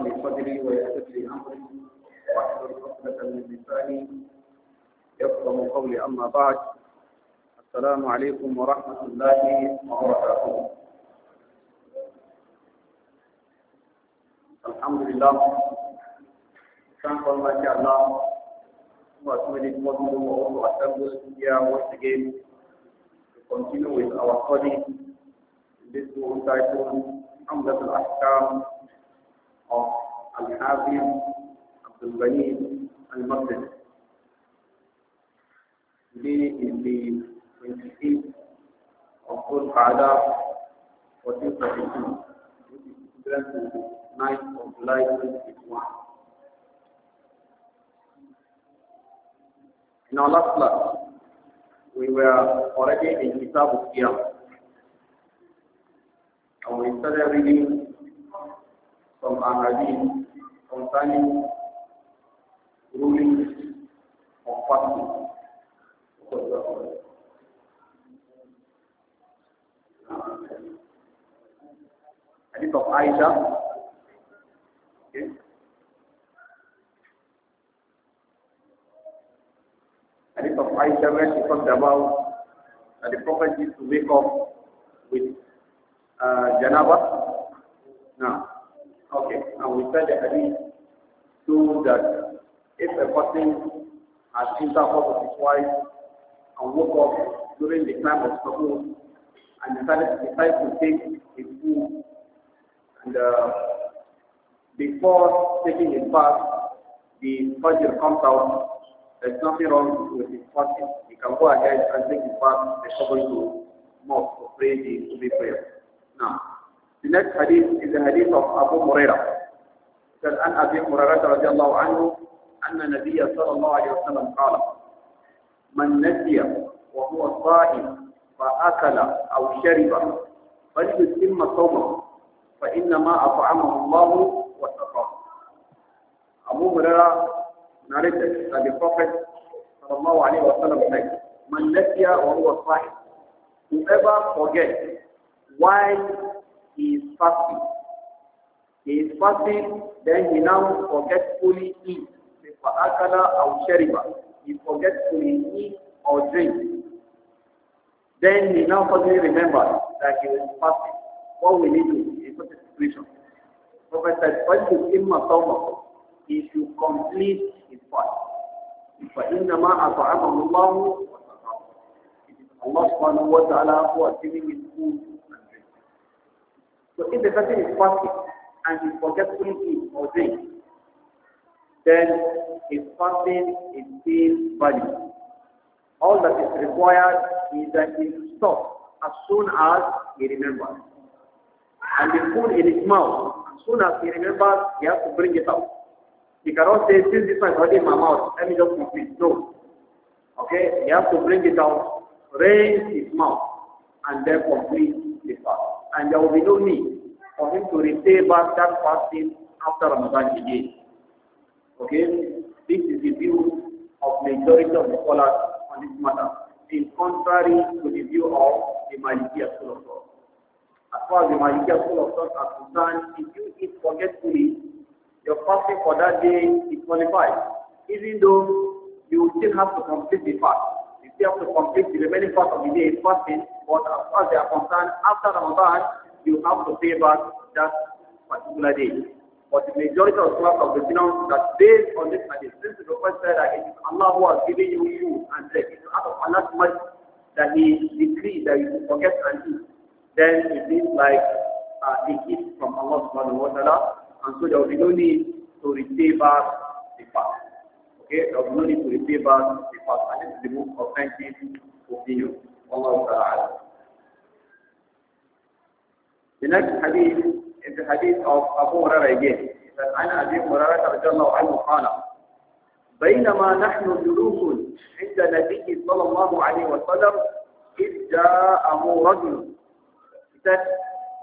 اشرح لي صدري ويسر لي امري واحلل عقدة من لساني يفقه قولي اما بعد السلام عليكم ورحمة الله وبركاته الحمد لله Thank Almighty Allah who has made it possible for us to assemble here once again to continue with our study in this book entitled Hamdat al-Ahkam of Al-Hazim Abdul Ghani Al-Maqdis. Today is the 28th of Dhul Qa'dah 1442, which is equivalent the 9th of July 2021. In our last class, we were already in Kitab al and we started reading from our hadith concerning rulings on fasting. Hadith of Aisha. Okay. Hadith of Aisha where she talked about that the prophet is to wake up with uh, janaba. Now, Okay, and we said the hadith too that if a person has intercourse with his wife and woke up during the time of Sahur and decided, decided to take his food and uh, before taking his bath, the fajr comes out, there's nothing wrong with his fasting. He can go ahead and take his bath according to mosque or pray the prayer. Now, The next hadith is the hadith of Abu Huraira. Said an Abi Huraira radiallahu anhu, أن النبي صلى الله عليه وسلم قال: من نسي وهو صائم فأكل أو شرب فليتم صومه فإنما أطعمه الله وسقاه. Abu Huraira narrated that the Prophet صلى الله عليه وسلم said, من نسي وهو صائم whoever forgets while he is fasting. He is fasting, then he now forgetfully eats. Fa'akala or sheriba. He forgetfully eats or drinks. Then he now suddenly remembers that he was fasting. What we need to do in such a situation? Prophet said, فَلْيُتِمَّ صَوْمَهُ He should complete his fast. فَإِنَّمَا أَطْعَمَهُ اللَّهُ وَسَقَاهُ It is Allah subhanahu wa ta'ala who has given his food so if the person is fasting and he forgets to eat or drink, then his fasting is still valid. All that is required is that he stop as soon as he remembers. And the food in his mouth, as soon as he remembers, he has to bring it out. He cannot say, since this is already in my mouth, let me just complete. No. Okay, he has to bring it out, raise his mouth, and then complete the fast. And there will be no need for him to repay back that fasting after Ramadan again. Okay? This is the view of majority of the scholars on this matter, in contrary to the view of the Malikiya school of thought. As far as the Malikiya school of thought are concerned, if you eat forgetfully, your fasting for that day is qualified, even though you still have to complete the fast. You still have to complete the remaining part of the day fasting, but as far as they are concerned, after Ramadan, you have to pay back that particular day. But the majority of scholars of the Sinan that based on this hadith, since the Prophet said that it is Allah who has given you you and drink, it is out of Allah's mercy that He decreed that you forget and eat, then it means like uh, a from Allah subhanahu wa ta'ala, and so there will be no need to repay back the fast. Okay, there will be no need to repay back the fast. And this is the most authentic opinion. Allah ta'ala. The next hadith is the hadith of Abu Hurairah again. عن أبي هريرة رضي الله عنه قال بينما نحن جلوس عند النبي صلى الله عليه وسلم إذ جاءه رجل that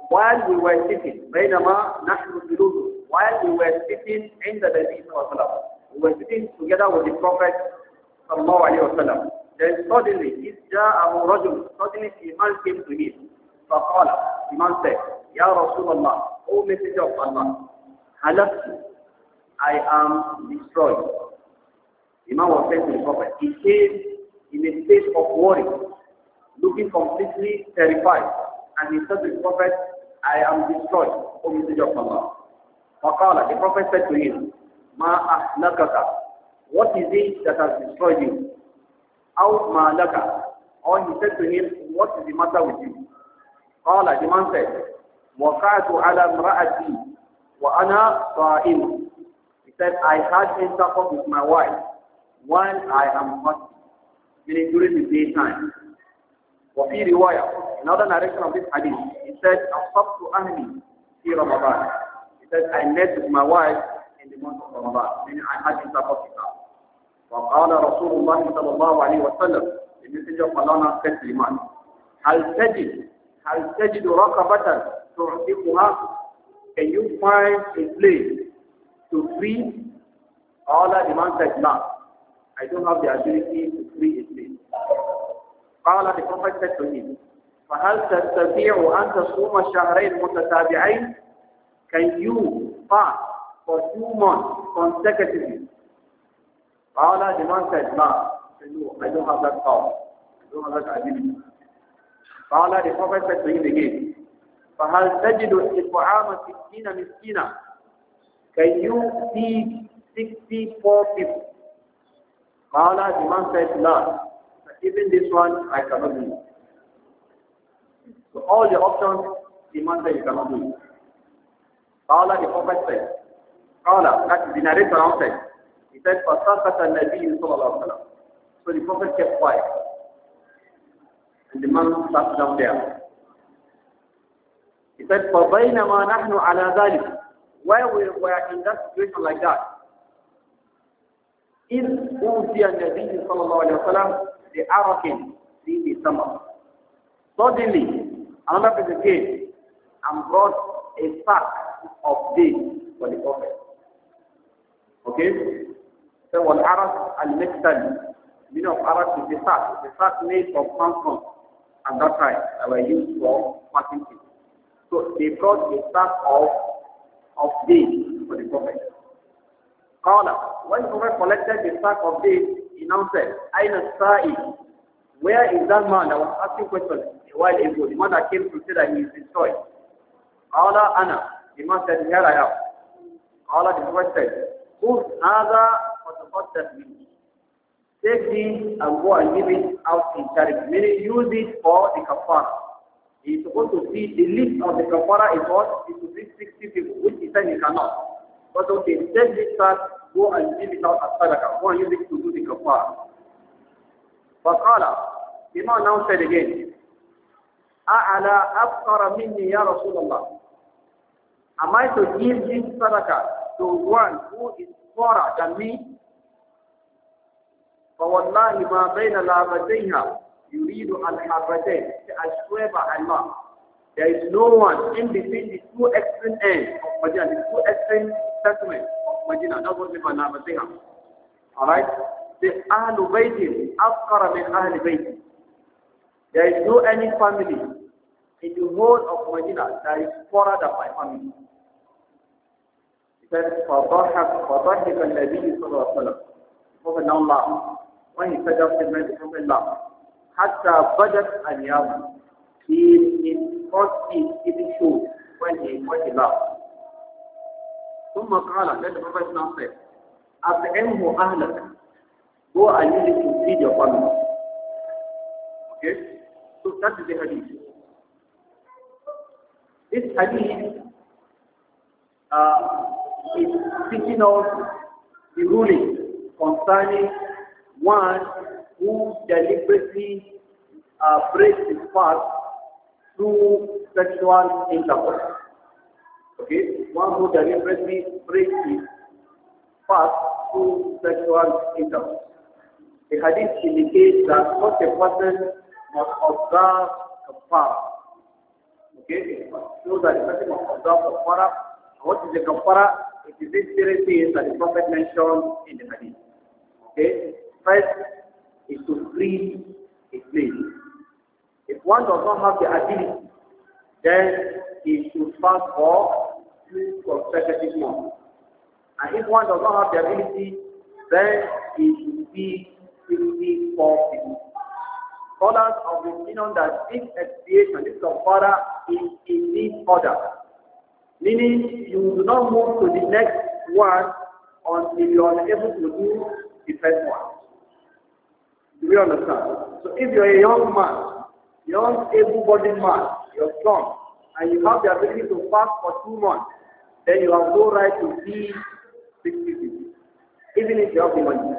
while we were sitting بينما نحن جلوس while we were sitting عند النبي صلى الله عليه وسلم we were sitting together with the prophet صلى الله عليه وسلم then suddenly إذ جاءه رجل suddenly a man came to him فقال Imam man said, Ya Rasulullah, O Messenger of Allah, halaktu, I am destroyed. Imam was sent to the Prophet. He came in a state of worry, looking completely terrified. And he said to the Prophet, I am destroyed, O Messenger of Allah. Faqala, the Prophet said to him, Ma ahlakaka, what is it that has destroyed you? Out ma laka. Or he said to him, what is the matter with you? قال the man said وقعت على امرأتي وأنا صائم he said I had intercourse with my wife while I am fasting meaning during the daytime وفي رواية another narration of this hadith he said أصبت أهلي في رمضان he said I met with my wife in the month of Ramadan meaning I had intercourse with her وقال رسول الله صلى الله عليه وسلم the messenger of Allah said to him, هل تجد I هل تجد رقبة تعتقها Can you find a place to free? Allah demands that not. I don't have the ability to free a place. قال the Prophet said to him, فهل تستطيع أن تصوم شهرين متتابعين? Can you fast for two months consecutively? Allah demands said, No. I don't have that power. I don't have that ability. Allah the Prophet said to him again, فَهَلْ تَجِدُ إِطْعَامَ سِكِّينَ مِسْكِينَ Can you feed 64 people? Allah the man said, no. Even this one, I cannot do. So all the options, the man said, you cannot do. Allah the Prophet said, Allah, that is the narrator He said, فَسَقَتَ النَّبِيُّ صَلَى اللَّهُ عَلَيْهِ وَسَلَّمَ So the Prophet kept quiet. And the man sat down there. He said, فَبَيْنَمَا نَحْنُ عَلَى ذَلِكَ While we were in that situation like that, إِذْ أُوْتِيَ النَّبِيِّ صَلَى اللَّهُ عَلَيْهِ وَسَلَمْ لِعَرَكٍ فِيهِ سَمَرٍ Suddenly, another person came and brought a sack of dates for the prophet. Okay? So, وَالْعَرَكْ الْمِكْتَلِ meaning of Arab is the fat, the fat made of palm at that time that were used for fasting people. So they brought a sack of of dates for the prophet. Qala, when the prophet collected the sack of dates, he now said, Aina sa'i, where is that man that was asking questions a while ago, the man that came to say that he is destroyed? Qala Anna, the man said, here I am. Qala the prophet said, Who's other for the that me? take this and go and give it out in charity, meaning use it for the kafara. He is supposed to see the list of the kafara is what? It should be 60 people, which he said he cannot. But okay, take this part, go and give it out as sadaqah, go and use it to do the kafara. فقال Imam now said again, Aala أَفْقَرَ minni ya Rasulullah. Am I to give this sadaqah to one who is poorer than me? فوالله ما بين لابتيها يريد الحابتين I swear by Allah there is no one in between the two extreme ends of Medina the two extreme settlements of Medina that's what we call لابتيها alright the أهل بيت أفقر من أهل بيت there is no any family in the whole of Medina that is poorer than my family He said, فضحك فضحك النبي صلى الله عليه وسلم. Prophet now laughed when he said that statement, the Prophet laughed. Hatta Badat Aliyam, he his first teeth even showed when he when he ثم قال then the Prophet now said, أطعمه أهلك, go and use it to feed your Okay, so that is the hadith. This hadith uh, is speaking of the ruling concerning one who deliberately uh, breaks his fast through sexual intercourse. Okay, one who deliberately breaks his fast through sexual intercourse. The hadith indicates that such a person must observe the fast. Okay, so that the person must observe the fast. What is the kafara? It is this very that the Prophet mentioned in the hadith. Okay, First is to free a place. If one does not have the ability, then he should fast for two consecutive months. And if one does not have the ability, then he should be 54 people. Scholars have the on that this expiation, this kafara, is in this order. Meaning, you do not move to the next one until you are able to do the first one. Do we understand? So if you're a young man, young able-bodied man, you're strong, and you have the ability to fast for two months, then you have no right to be 60 people, even if you have the money.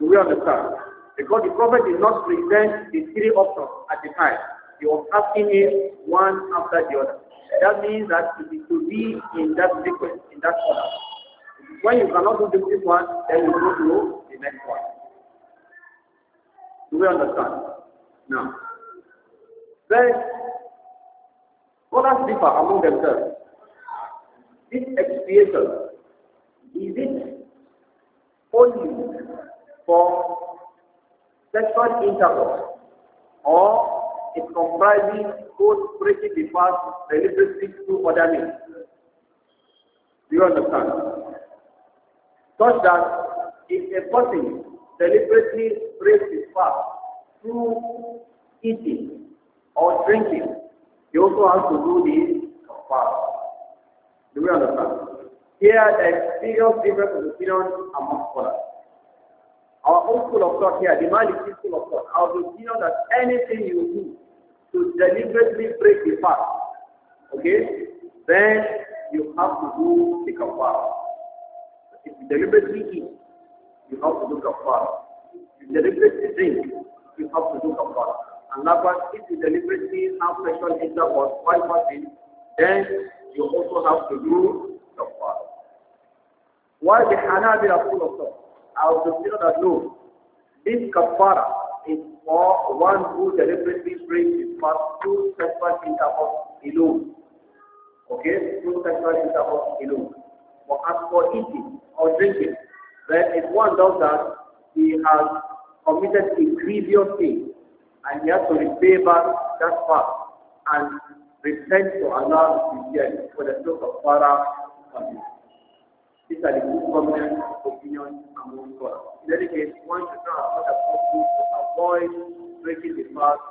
Do we understand? Because the prophet did not present the three options at the time. He was asking it one after the other. That means that it is to be in that sequence, in that order. When you cannot do this one, then you go to the next one. Do we understand? Now, then, scholars differ among themselves. This expiation, is it only for sexual intercourse or it comprises both breaking the fast deliberately to other means? Do you understand? Such that if a person deliberately breaks the fast through eating or drinking, you also have to do this fast. Do we understand? Here, there is serious difference of opinion among scholars. Our own school of thought here, the Maliki school of thought, our opinion that anything you do to deliberately break the fast, okay, then you have to do the kafara. If you deliberately eat, you have to do kafara you deliberately drink, you have to do kafara. And likewise, if you deliberately have sexual intercourse while fasting, then you also have to do kafara. Why the are full of thought, I was consider that no, this kafara is for one who deliberately breaks his fast through sexual intercourse alone. Okay, two sexual intercourse alone. But as for eating or drinking, then if one does that, he has committed a grievous sin and he has to repay back that part and repent to Allah sincerely for the sake of Farah on him. These are the two common opinion among scholars. In any case, one should not as much as to avoid breaking the fast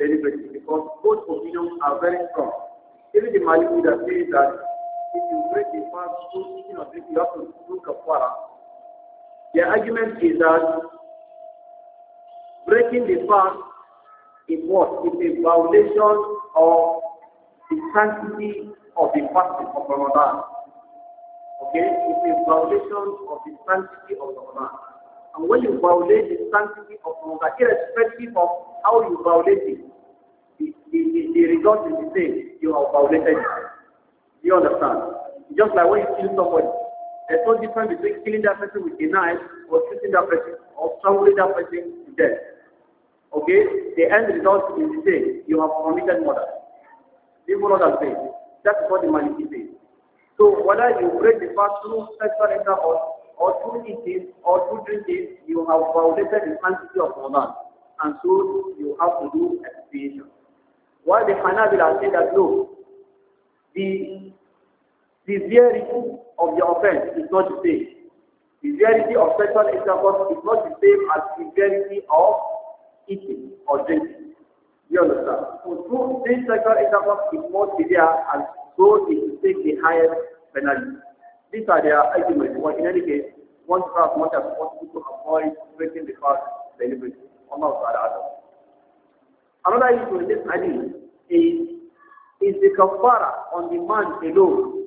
deliberately because both opinions are very strong. Even the Maliki that says that if you break the fast you eating you have to do kafara. Their argument is that breaking the fast is what? It's a violation of the sanctity of the fasting of Ramadan. Okay? It's a violation of the sanctity of Ramadan. And when you violate the sanctity of Ramadan, irrespective of how you violate it, the, the, the, result is the same. You are violated it. You understand? Just like when you kill somebody. There's no difference between killing that person with a knife or shooting that person or strangling that person to death. Okay? The end result is the same. You have committed murder. People not have faith. That's what the Maliki says. So whether you break the fast through sexual intercourse or through eating or through drinking, you have violated the sanctity of Ramadan. And so you have to do expiation. While the has said that no, the severity of the offense is not the same. Severity of sexual intercourse is not the same as severity of eating or drinking. You understand? So this sexual intercourse is more severe and so it will take the highest penalty. These are their arguments, but in any case, one try as much as possible to avoid breaking the fast deliberately. Another issue in this hadith is, is the kafara on the man alone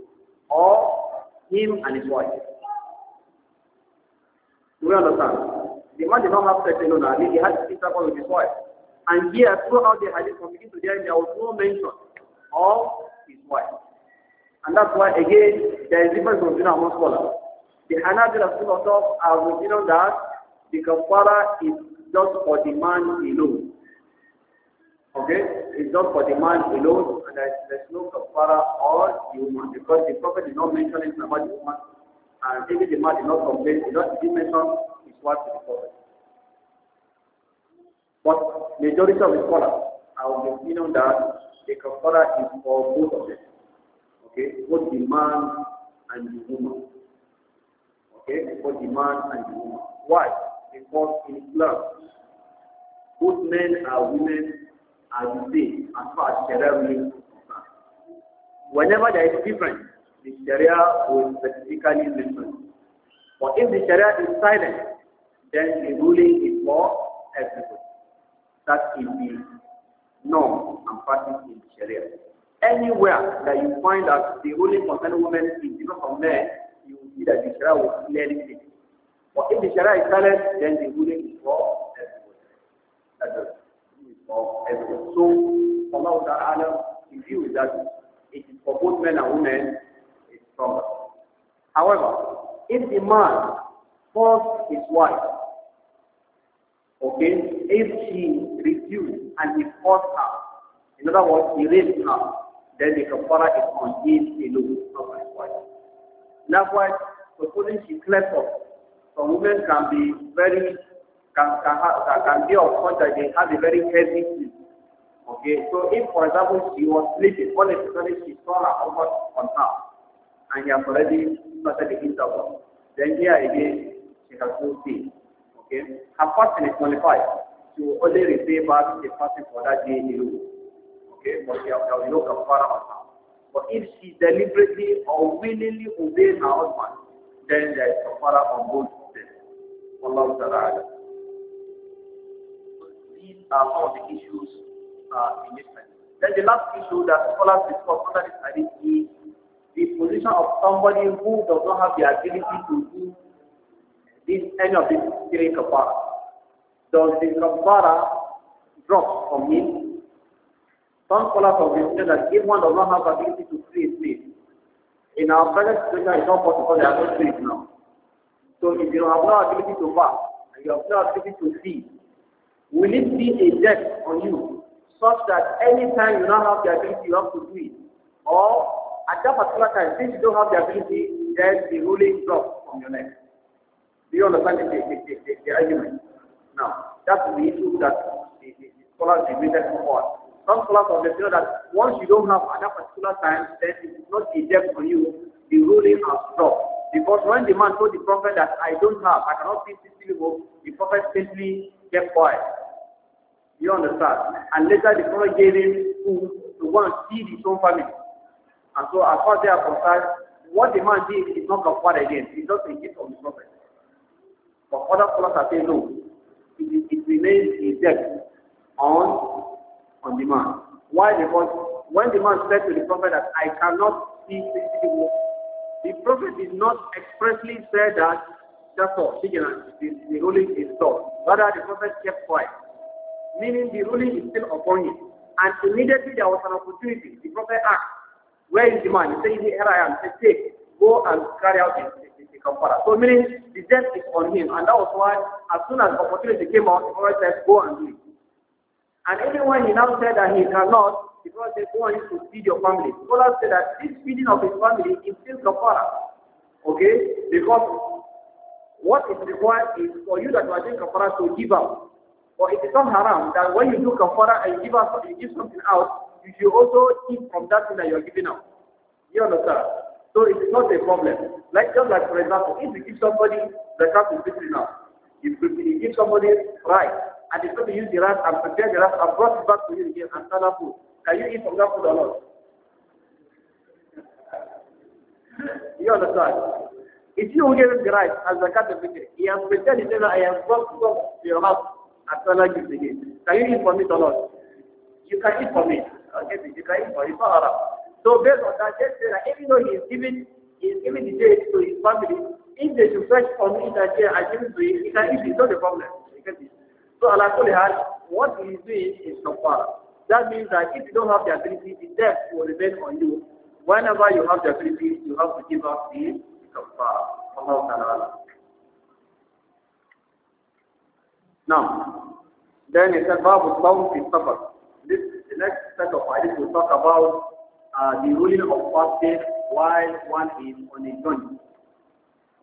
or him and his wife. Do you understand? The man did not have sex alone. I mean, he had intercourse with his wife. And here, throughout the hadith from beginning to the end, there was no mention of his wife. And that's why, again, there is difference between our know, scholars. The Hanabila philosophers are of you know, that the kafara is just for the man alone. Okay? It's just for the man alone, and there's, there's no kafara or the woman, because the Prophet did not mention anything about the woman, and even the man did not complain, he did not mention what is reported. But majority of the scholars are will the opinion that the kafara is for both of them. Okay, both the man and the woman. Okay, both the man and the woman. Why? Because in Islam, both men and women are the same as far as Sharia means concerned. Whenever there is difference, the Sharia will specifically mention. But if the Sharia is silent, then the ruling is for everybody. That is the norm and practice in Sharia. Anywhere that you find that the ruling concerning women is different from men, you will see that the Sharia will clearly state. But if the Sharia is silent, then the ruling is for everybody. That is for everybody. So, Allah Ta'ala, the view is that it is for both men and women, it's stronger. However, if the man forced his wife Okay? If she refused and he forced her, in other words, he raped her, then the kafara is on his alone, not on his wife. Likewise, supposing she slept off, some women can be very, can, can, have, can be of such that they have a very heavy sleep. Okay, so if, for example, she was sleeping, all of a sudden she saw her husband on her, and he has already started the interval, then here again, she has no sleep okay, her fasting is qualified to only repay back the fasting for that day alone. Okay, but you there will be no kafara her. But if she deliberately or willingly obeys her husband, then there is kafara on both of them. Allah These are some of the issues uh, in this hadith. Then the last issue that scholars discuss under this hadith is the position of somebody who does not have the ability to do these, any of these three kafara. Does the kafara drop from him? Some scholars of the that if one does not have ability to free his in our present situation it's not possible They are not can now. So if you have no ability to walk, and you have no ability to see, will it be a debt on you such that anytime you don't have the ability you have to do it? Or at that particular time, since you don't have the ability, then the ruling drops from your neck. Do you understand the, the, the, the argument? Now, that's the issue that the, the, the scholars debated Some scholars of the you know that once you don't have at that particular time, then it's not a debt for you. The ruling has stopped. Because when the man told the prophet that I don't have, I cannot pay 60 people, the prophet simply kept quiet. You understand? And later the prophet gave him food to go and feed his own family. And so as far as they are concerned, what the man did is not confirmed again. It's just a gift of the prophet. But other scholars are saying no, it, it remains in debt on on demand. Why? Because when the man said to the prophet that I cannot see more, the prophet did not expressly say that therefore vigilance the, the ruling is done. Rather the prophet kept quiet. Meaning the ruling is still upon him. And immediately there was an opportunity. The prophet asked, Where is the man? He said, Here I am. He said, Take, go and carry out his the kafara. So meaning the debt is on him, and that was why as soon as opportunity came out, the Prophet said, go and do it. And even when he now said that he cannot, the Prophet said, go and to feed your family. Scholars said that this feeding of his family is still kafara. Okay? Because what is required is for you that you are doing kafara to give out. But it is not haram that when you do kafara and you give out, you give something out, you should also eat from that thing that you are giving out. You understand? So it is not a problem. Like just like for example, if you give somebody the cup is fifty now, if you give somebody rice and if person use the rice and prepare the rice and brought it back to you again and sell that food, can you eat from that food or not? you understand? If you give him the rice as the cat he has prepared it I have brought it to your house and sell it again. Can you eat from it or not? You can eat from it. Okay, you can eat from it. It's not haram. So based on that, just say that even though he is giving, he is giving the date to his family, if they should press on it that they are giving to him, he can not a problem. So Allah has what he is doing is kafara. That means that if you don't have the ability, the debt will remain on you. Whenever you have the ability, you have to give up the kafara. Allah Ta'ala. Now, then it's about the fi Safar. This, the next set of we will talk about uh, the ruling of fasting while one is on a journey.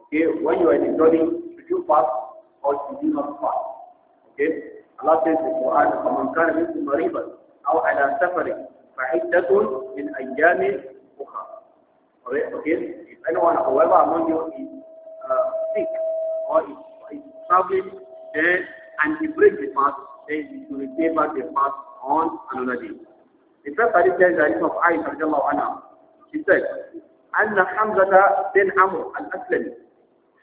Okay, when you are in a journey, should you fast or should you not fast? Okay, Allah says in Quran, فَمَنْ كَانَ مِنْكُمْ مَرِيضًا أَوْ عَلَى سَفَرٍ فَعِدَّةٌ مِنْ أَيَّامٍ أُخْرَى Alright, okay, if anyone, however among you is uh, sick or is, is traveling, then and he breaks the fast, then he should repay back the fast on another day. The first hadith is the hadith of Aisha radiallahu anha. She said, أن حمزة بن عمرو al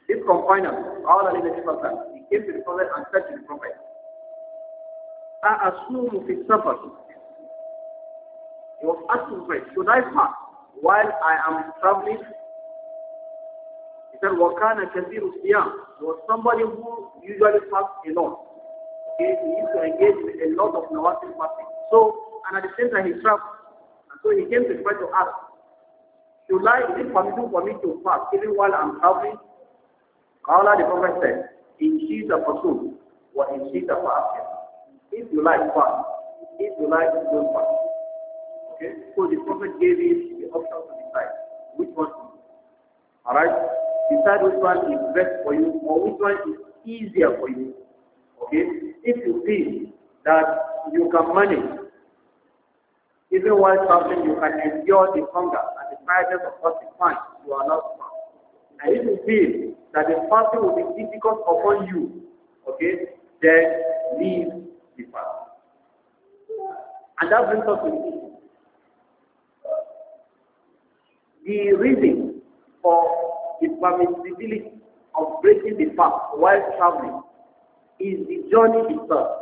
his companion قال للنبي صلى الله عليه وسلم he came to the Prophet and said to the Prophet أأصوم في السفر He was asked the pray, should I fast while I am traveling? He said, وَكَانَ كَثِيرُ الصِّيَامِ He was somebody who usually fasts a lot. He used to engage in a lot of nawafil fasting. So and at the same time he traveled. so he came to try to ask, You like is it for me to fast even while I'm traveling? Allah the Prophet said, in she's a pursuit, or in she's a fasting. If you like fast, if you like, to fast. Okay? So the Prophet gave him the option to decide which one to do. Alright? Decide which one is best for you or which one is easier for you. Okay? If you feel that you can manage even while fasting, you can endure the hunger and the tiredness of what you find you are not smart. And if you feel that the fasting will be difficult upon you, okay, then leave the fast. And that brings us to the reason for the permissibility of breaking the fast while traveling is the journey itself.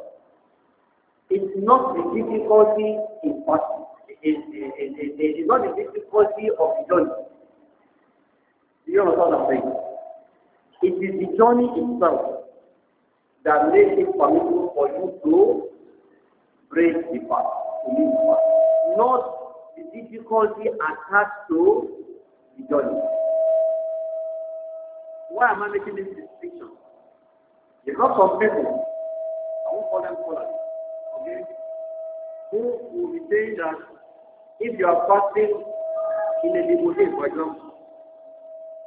It's not the difficulty in fasting it is not the difficulty of the journey. You understand what I'm saying? It is the journey itself that makes it permissible for you to break the path, to leave the path. Not the difficulty attached to the journey. Why am I making this distinction? Because some people, I won't call them okay, who will be saying that if you are fasting in a limousine, for example,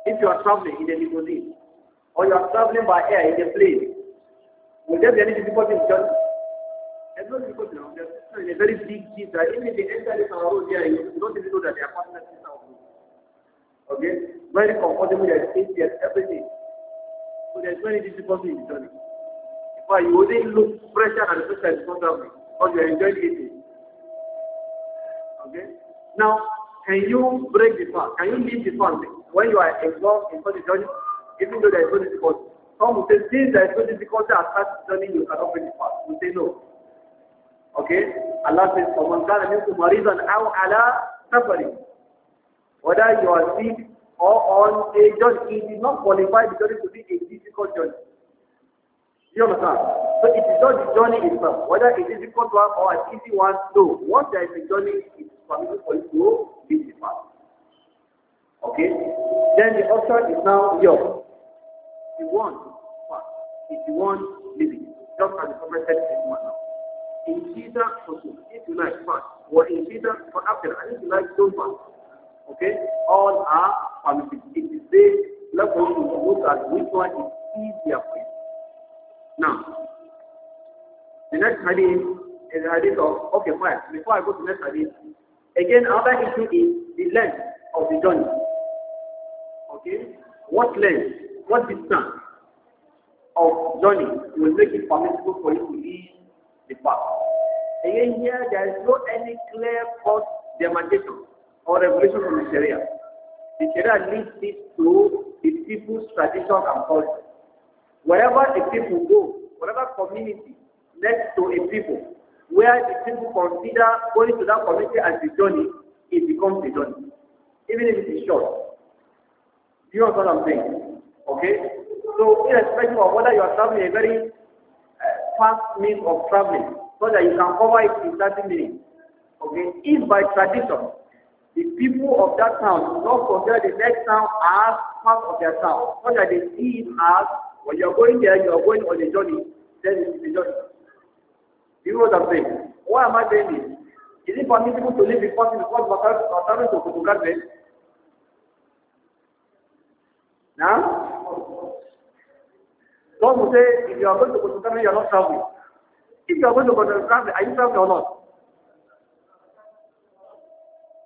if you are traveling in a limousine, or you are traveling by air in a plane, will there be any difficulty in judging? There's no difficulty now. There's in a very big city that even if they enter this our road here, you don't even know that they are partners in our Okay? Very comfortable, there's safety, there's everything. So there's no difficulty in judging. In you only look fresher and the person that is not traveling, because you are enjoying it. Now, can you break the fast? Can you leave the fast when you are involved in such a journey, even though there is no difficulty? Some will say, since there is no difficulty attached to journey, you cannot break the fast. We say no. Okay? Allah says, فَمَنْ كَانَ مِنْكُمْ مَرِيضًا أَوْ عَلَى سَفَرٍ Whether you are sick or on a journey, it is not qualified because it to be a difficult journey. You understand? So it is not the journey itself, whether it is a difficult one or an easy one, no. Once there is a journey, it is permitted for you to leave the path. Okay? Then the option is now yours. If you want path, if you want living, just as the Prophet said to him now. In Caesar, if you like fast, or in Caesar for after, and if you like don't fast. Okay? All are permitted. It is this. let us look at which one is easier for you. Now, the next hadith is the hadith of, okay fine, before I go to the next hadith, again another issue is the length of the journey. Okay? What length, what distance of journey will make it permissible for you to leave the path. Again here there is no any clear post demarcation or revelation from the Sharia. The Sharia leads this to the people's traditions and culture. Wherever the people go, whatever community next to a people, where the people consider going to that community as a journey, it becomes a journey, even if it is short. Do you understand what I'm saying? Okay? So, irrespective of whether you are traveling a very uh, fast means of traveling, so that you can cover it in 30 minutes. Okay? If by tradition, the people of that town do not consider the next town as part of their town, so that they see it as when you are going there, you are going on a journey, then it's a journey. You know what I'm saying? Why am I saying this? Is it permissible to live in person because Masarus to photograph them? Now? Some will say, if you are going to photograph you are not traveling. If you are going to photograph are you traveling or not?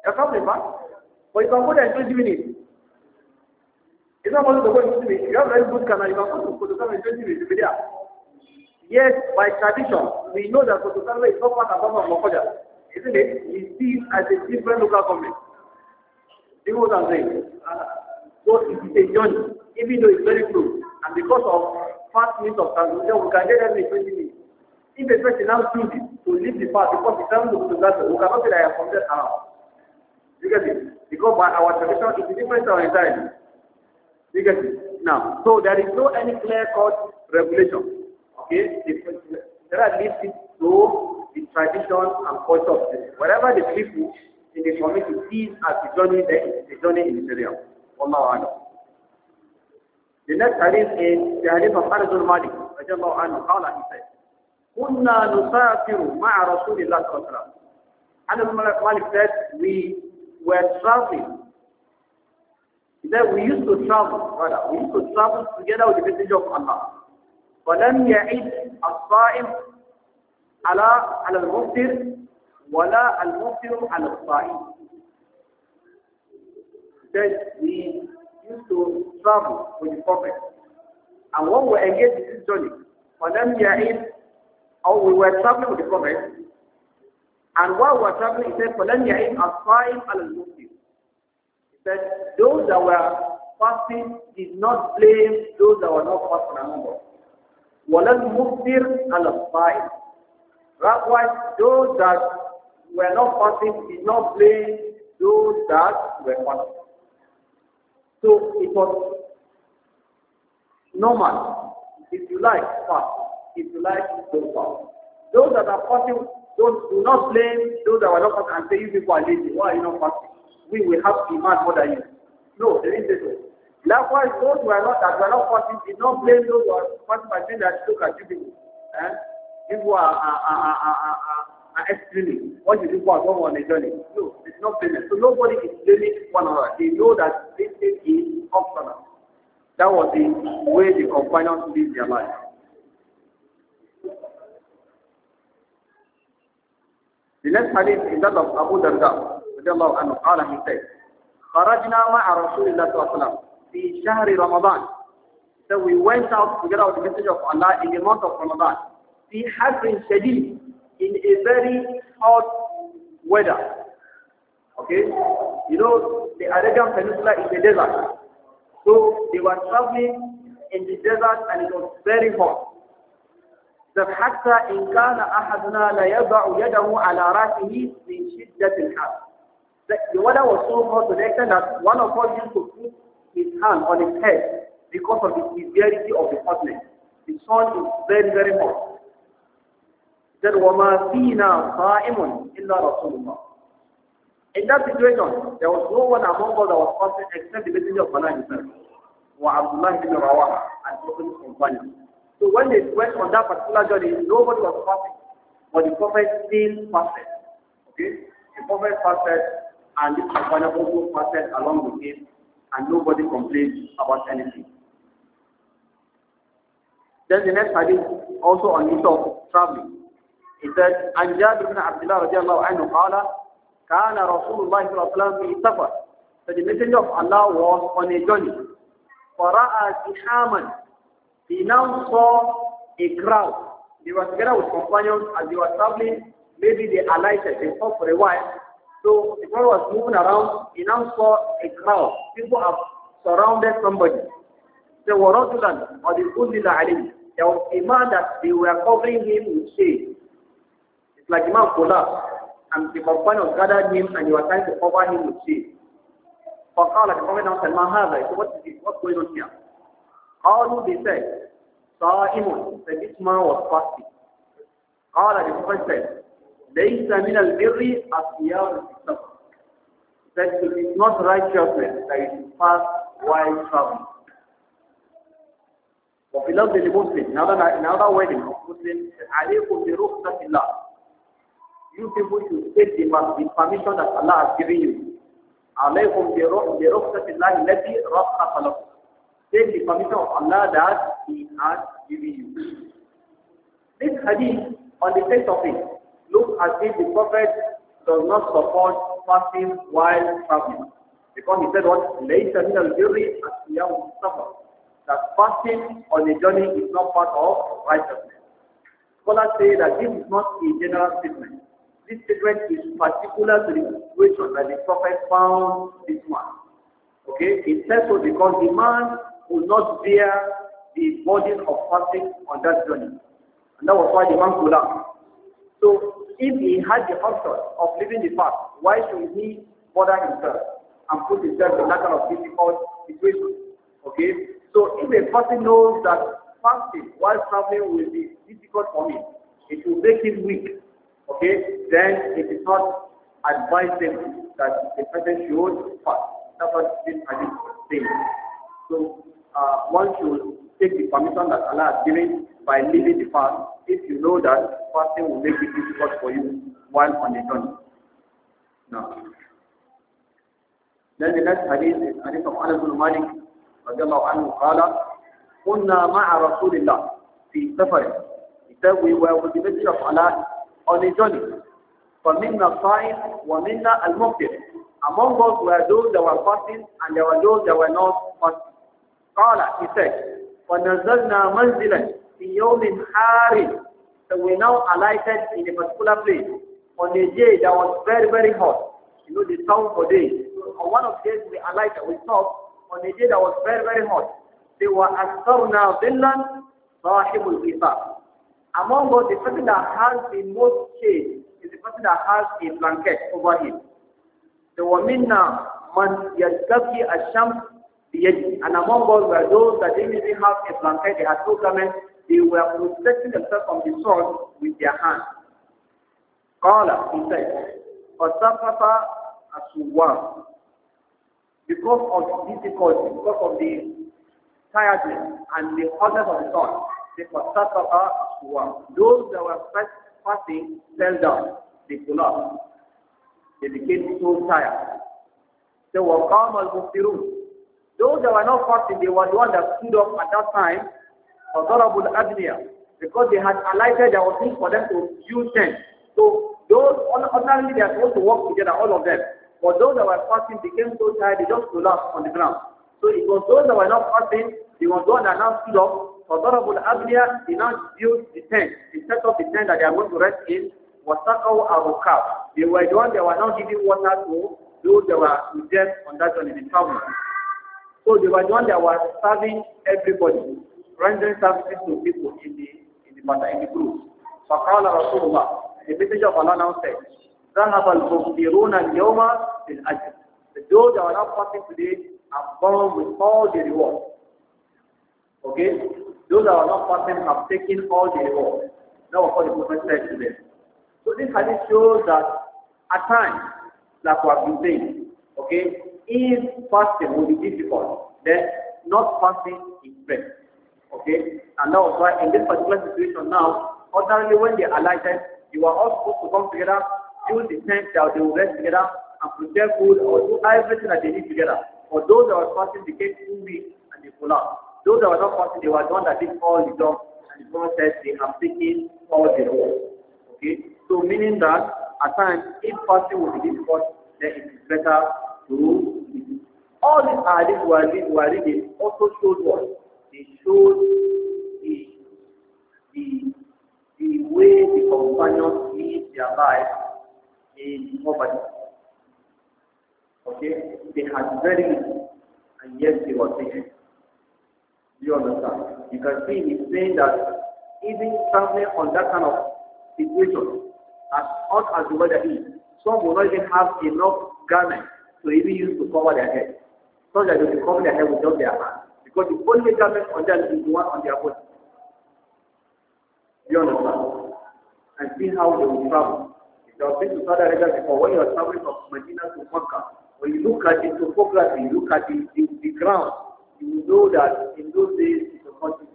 You are traveling, man. But you can go there and do it. It's not possible to go and do it. you have very good camera, you can go to photograph and 20 minutes. You'll be there. Yes, by tradition, we know that Koto is not part of parcel of Mokoja. Isn't it? We see it as a different local government. You what I'm saying? so it is a journey, even though it's very close. And because of fast means of transmission, we can get every 20 minutes. If a person now chooses to leave the past because it's time to go that, we cannot say that I have come there now. You get it? Because by our tradition, it is different from entirely. You get it? Now, so there is no any clear-cut regulation is different. are leaves it to the tradition and culture of the Whatever the people in the community sees as the journey, then the journey in Israel. Allah Alam. The next hadith is the hadith of Anas al-Malik. Radiallahu anhu. Qala, he said, "Kunna nusafiru مع Rasulillah الله صلى الله عليه Anas al-Malik said, we were traveling that we used to travel, rather, we used to travel together with the message of Allah. ولم يعد الصائم على على المفطر ولا المفطر على الصائم that we used to travel with the prophet and when we engaged in this journey ولم يعد or we were traveling with the prophet and while we were traveling he said فلم يعد الصائم على المفطر he said those that were fasting did not blame those that were not fasting among us وَلَنْ مُفْتِرْ عَلَى الصَّائِمِ Likewise, those that were not fasting did not blame those that were fasting. So it was normal. If you like, fast. If you like, don't fast. Those that are fasting don't do not blame those that were not fasting and say you people are lazy. Why are you not fasting? We will have demand more than you. No, there is this way. Likewise, those who are not that were not fasting did not blame those who are fasting by saying that look at you eh? people. are, are, are, are, are, are explaining what you do for going on a journey. No, it's not blaming. So nobody is blaming one another. They know that this thing is optional. That was the way the companions lived their life. The next hadith is that of Abu Darda. رضي الله عنه قال he said خرجنا مع رسول الله صلى الله عليه وسلم في شهر رمضان So we went out to get out the message of Allah in the month of Ramadan. في حر شديد in a very hot weather. Okay? You know, the Arabian Peninsula is a desert. So they were traveling in the desert and it was very hot. that حتى إن كان أحدنا لا يضع يده على رأسه من شدة الحر. The weather was so hot to the extent that one of us used to put his hand on his head because of the severity of the hotness. The sun is very, very hot. That وَمَا فِينَا صَائِمٌ إِلَّا Rasulullah. In that situation, there was no one among us that was fasting except the messenger of Allah himself, Wa Abdullah ibn Rawaha and Prophet companion. So when they went on that particular journey, nobody was fasting, but the Prophet still fasted. Okay? The Prophet fasted, and this companion also fasted along with him and nobody complains about anything. Then the next hadith also on use of traveling. It says, عن جابر bin Abdullah الله رضي الله عنه قال كان رسول الله صلى So the messenger of Allah was on a journey. فرأى زحاما He now saw a crowd. They were together with companions as they were traveling. Maybe they alighted, they stopped for a while, so the Prophet was moving around, he now saw a crowd. People have surrounded somebody. They were Rasulan or the Udila Ali. There was a man that they were covering him with shade. It's like Imam collapsed. And the companions gathered him and they were trying to cover him with shade. فقال the Prophet now said, ما So what is this? What's going on here? قالوا they said, صائم. So this man was fasting. قال the Prophet said, لَيْسَ مِنَ الْبِرِّ أَصْيَارُ الْسَفْرِ That it is not righteousness that it is fast while traveling. وفي لفظ لمسلم in other in other wedding of Muslims عليكم برخصة الله you people should take the, the permission that Allah has given you عليكم برخصة الله التي رخص لكم take the permission of Allah that He has given you this hadith on the face of it Look, as if the Prophet does not support fasting while traveling. Because he said what? Later in al-Jiri as-Siyam suffer. That fasting on a journey is not part of righteousness. Scholars say that this is not a general statement. This statement is particular to the situation that the Prophet found this man. Okay? It says so because the man could not bear the burden of fasting on that journey. And that was why the man could laugh. So if he has the option of leaving the fast, why should he bother himself and put himself in that kind of difficult situation? Okay? So if a person knows that fasting while traveling will be difficult for him, it will make him weak. Okay? Then it is not advisable that the person should fast. That's what this hadith says. So uh, one should take the permission that Allah has given by leaving the fast if you know that fasting will make it difficult for you while on the journey. Now, then the next hadith is hadith of Anas bin Malik رضي He said we were with the Messenger of Allah on the journey فمنا الصائم ومنا المفطر Among us were those that were fasting and there were those that were not fasting. قال he said فنزلنا منزلا بِيَوْمٍ حَارٍ So we now alighted in a particular place on a day that was very, very hot. You know, the sun for days. So on one of the days we alighted, we stopped on a day that was very, very hot. They were أَكْثَرْنَا ظِلًّا صَاحِبُ الْغِفَاءِ Among us, the person that has the most shade is the person that has a blanket over him. They were minna man yastaki asham biyadi. And among us were those that didn't even have a blanket, they had no garment, they were protecting themselves from the sword with their hands. Qala, he said, Fasafasa asuwa. Because of difficulty, because of the tiredness and the hardness of the sun, the Fasafasa asuwa. Those that were fasting fell down. They not. They became so tired. They were calm al-muftirun. Those that were not fasting, they were the ones that stood up at that time فَضَرَبُوا الْأَبْنِيَةِ Because they had alighted, there was need for them to use them. So those, ordinarily they are supposed to work together, all of them. But those that were fasting became so tired, they just collapsed on the ground. So it was those that were not fasting, they were those that now stood up. فَضَرَبُوا الْأَبْنِيَةِ They now built the tent. They set up the tent that they are going to rest in. وَسَقَوْا أَرُكَابِ They were the ones that were now giving water to those that were with them on that journey, the travel. So they were the ones that were serving everybody rendering services to people in the in the in the group. فقال رسول الله the message of Allah now said ذهب المغفرون Ajib." The those that are not fasting today are born with all the rewards. okay those that are not fasting have taken all the rewards. that was what the prophet said to them so this hadith shows that at times like we have been saying okay if fasting will be difficult then not fasting is best Okay? And now was in this particular situation now, ordinarily when they alighted, you are all supposed to come together, use the tent that they will rest together, and prepare food or do everything that they need together. For those that were fasting became two weak and they pull collapsed. Those that were not fasting, they were the one that did all the job, and the Quran says they have taken all the role. Okay? So meaning that at times, if fasting will be difficult, then it is better to all these ideas we are reading also shows what the showed the, the, the way the companions live their life in poverty. Okay? They had very little, and yet they were patient. Do you understand? You can see he's saying that even something on that kind of situation, as hot as the weather is, some will not even have enough garment to even use to cover their head. So that they will cover their head with just their hands. But the only garment on them is the one on their body. You understand? And see how they will travel. If you have been to Saudi Arabia before, when you are traveling from Medina to Mecca, when you look at the topography, you look at the, the, the ground, you know that in those days it's a country.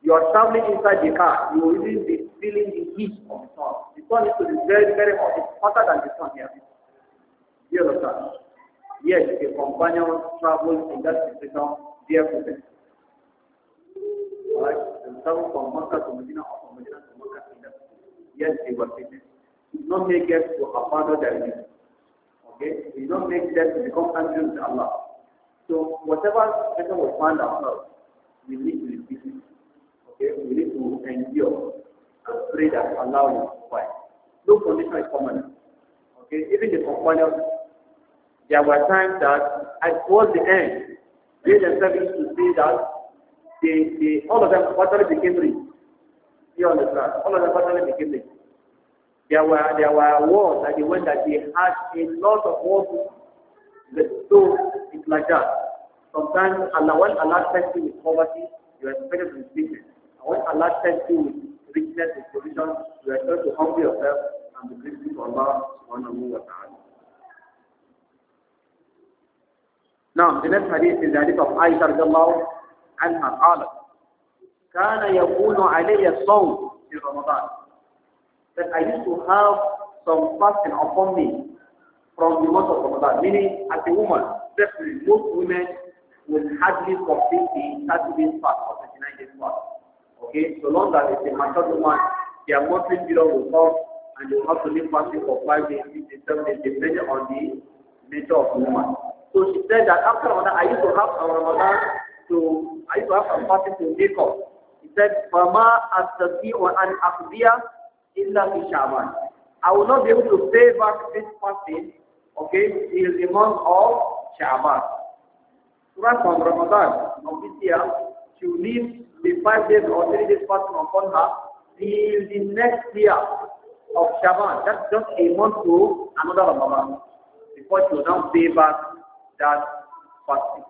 You are traveling inside the car, you will even be feeling the heat of the sun. The sun is very, very hot. It's hotter than the sun here. You understand? Yes, the companions travels in that situation their prophet. Alright, and travel from Makkah to Medina or from Medina to Makkah in that Yes, they were fitness. It not make death to a father than him. Okay? It not make death to become angry with Allah. So whatever person we find ourselves, we need to repeat it. Okay? We need to endure and pray that Allah will provide. No condition is permanent. Okay? Even the companions, there were times that at towards the end, did themselves to say that they, they, all of them finally became rich. You understand? All of them finally became rich. There were there were wars that they went that they had a lot of wars. So it's like that. Sometimes Allah when Allah tests you with poverty, you are expected to be rich. And when Allah tests you with richness and provision, you are expected to humble yourself and be grateful to Allah subhanahu wa ta'ala. Now, the next hadith is the hadith of Aisha radiallahu عنها قالت كان يكون علي الصوم في رمضان that I used to have some fasting upon me from the month of Ramadan. Meaning, as a woman, definitely most women will hardly complete the 30 days fast or 29 days fast. Okay, so long as it's a mature woman, their monthly period will come and they will have to leave fasting for five days, six days, seven days, depending on the nature of the woman. So she said that after Ramadan, I used to have a Ramadan to, I used to have some fasting to make up. He said, Fama astati or an akbiya illa fi Shaban. I will not be able to pay back this party. okay, till the month of Shaban. Right from Ramadan of this year, she will leave the five days or three days fasting upon her till the next year of Shaban. That's just a month to another Ramadan before she will now pay back that fasting.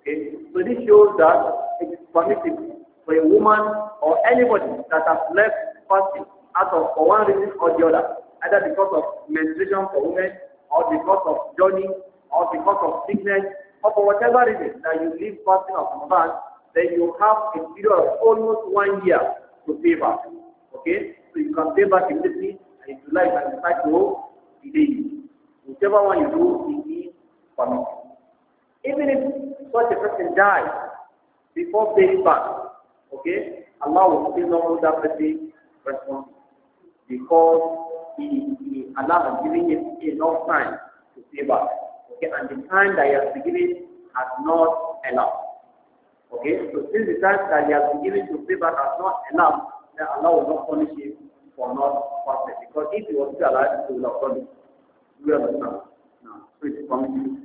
Okay? So this shows that it's permissible for a woman or anybody that has left fasting out of for one reason or the other, either because of menstruation for women or because of journey or because of sickness or for whatever reason that you leave fasting of Ramadan, then you have a period of almost one year to pay back. Okay? So you can pay back immediately and if you like and decide to delay. Whichever one you do, for nothing. Even if such a person dies before paying back, okay, Allah will still not hold that person responsible because he, he, Allah has given him enough time to pay back. Okay, and the time that he has been given has not enough, Okay, so since the time that he has been given to pay back has not enough, then Allah will not punish him for not passing Because if he was still alive, he would have done We understand. Now, so it's coming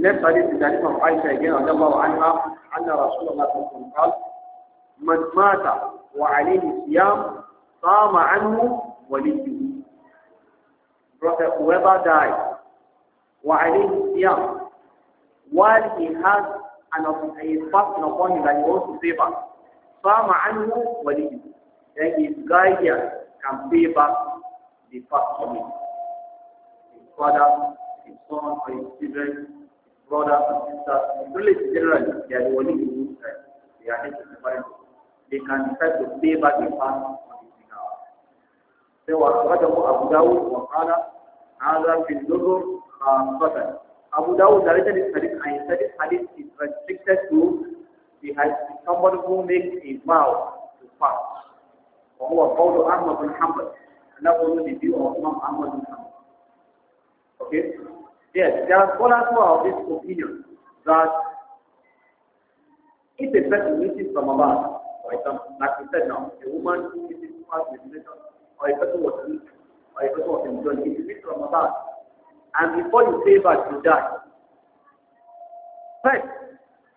The next hadith is hadith of Aisha again, radiallahu anha, anna Rasulullah sallallahu قال, من مات وعليه صيام صام عنه وليه. Prophet, whoever died وعليه صيام, while he has an a fasting upon him that he wants to pay back صام عنه وليه. Then his guy here can pay back the fast for him. His father, his son, or his children, brothers and sisters, in generally, they are the only uh, they are taking the They can decide to pay back the past on his behalf. They were Abu Dawud wa Qala, Hadha fil Nuzur Khasatan. Abu Dawud narrated this hadith and he said this hadith is restricted to the somebody who makes a vow to fast. وهو قول أحمد بن حنبل أنه هو the view of Imam Ahmad bin Hanbal. Okay? Yes, there are scholars who are of this opinion that if a person misses Ramadan, for example, like we said now, a woman who misses past meditation, or a person was weak, or a person was enjoying, if you miss Ramadan, and before you pay back, you die. First,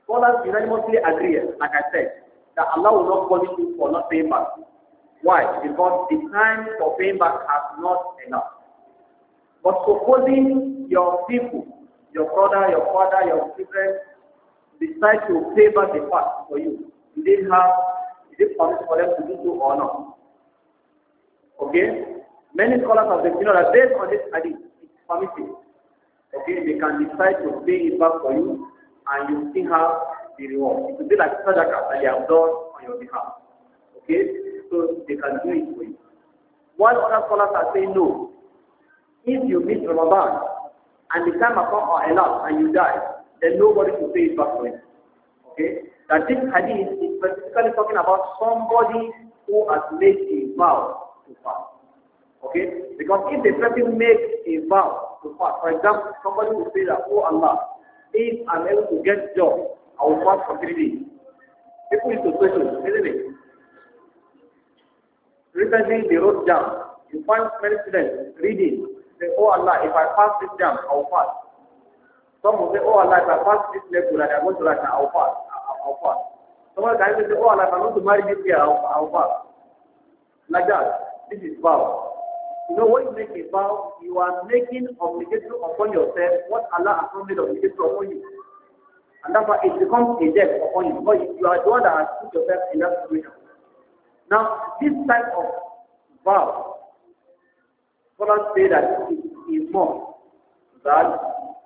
scholars unanimously agree, like I said, that Allah will not punish you for not paying back. Why? Because the time for paying back has not enough. But supposing your people, your brother, your father, your children, decide to pay back the part for you. You didn't have, didn't promise for them to do so or not? Okay? Many scholars have been, you know, that based on this hadith, it's permitted. Okay, they can decide to pay it back for you and you still have the reward. It will be like sadaqah that they have done on your behalf. Okay? So they can do it for you. While other scholars are saying no, if you meet Ramadan and they come upon a lot and you die, then nobody will pay it back for it. Okay? That this hadith is specifically talking about somebody who has made a vow to fast. Okay? Because if the person makes a vow to fast, for example, somebody will say that, Oh Allah, if I'm able to get job, I will fast for three days. People used to question, isn't it? Recently, they wrote down, you find many students reading say, Oh Allah, if I pass this jump, I'll pass. Some will say, Oh Allah, if I pass this level and I go to Raqqa, I'll pass. I'll pass. Some Someone guys will say, Oh Allah, if I want to marry this girl, I'll, I'll pass. Like that. This is vow. You know, when you make a vow, you are making obligation upon yourself what Allah has not made obligatory upon you. And that's why it becomes a debt upon you because you are the one that has put yourself in that situation. Now, this type of vow Scholars say that it is more that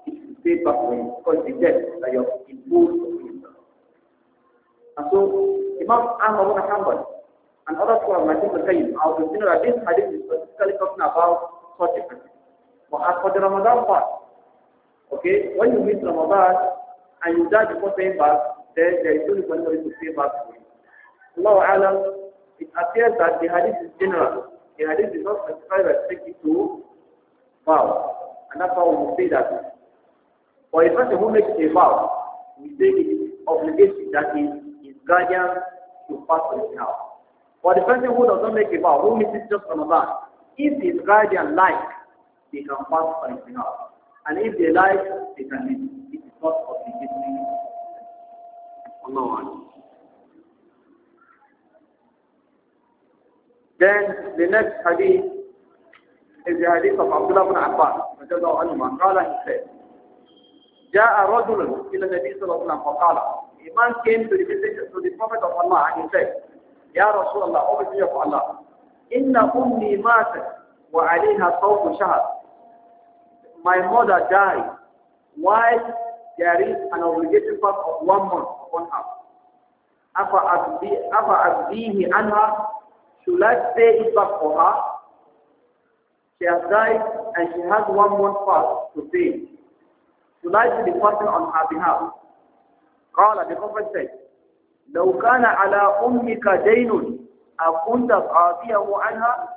if you pay back when because the debt that you have imposed on yourself. And so Imam Ahmad ibn Hanbal and other scholars like Ibn Qayyim are of the opinion that this hadith is specifically talking about such a person. But as for the Ramadan part, okay, when you meet Ramadan and you die before paying back, then there is no need for to pay back to you. Allah Alam, it appears that the hadith is general the hadith is not specified by taking to vow. And that's how we say that. For a person who makes a vow, we say it is obligation that is his guardian to fast on his For the person who does not make a vow, who misses just Ramadan, if his guardian like, they can fast for his house. And if they like, they can leave. It is not obligatory. Allah. Then the next hadith is the hadith of Abdullah ibn Abbas رضي الله قال he said جاء رجل إلى النبي صلى الله عليه وسلم فقال a man came to the message to the Prophet of Allah and he said يا رسول الله O Messenger of Allah إن أمي ماتت وعليها صوم شهر My mother died while there is an obligatory fast of one month upon her أفأبديه عنها to let pay it back for her? She has died and she has one month fast to pay. To I the fasting on her behalf? قال the Prophet said, لو كان على أمك دين أكنت قاضيه عنها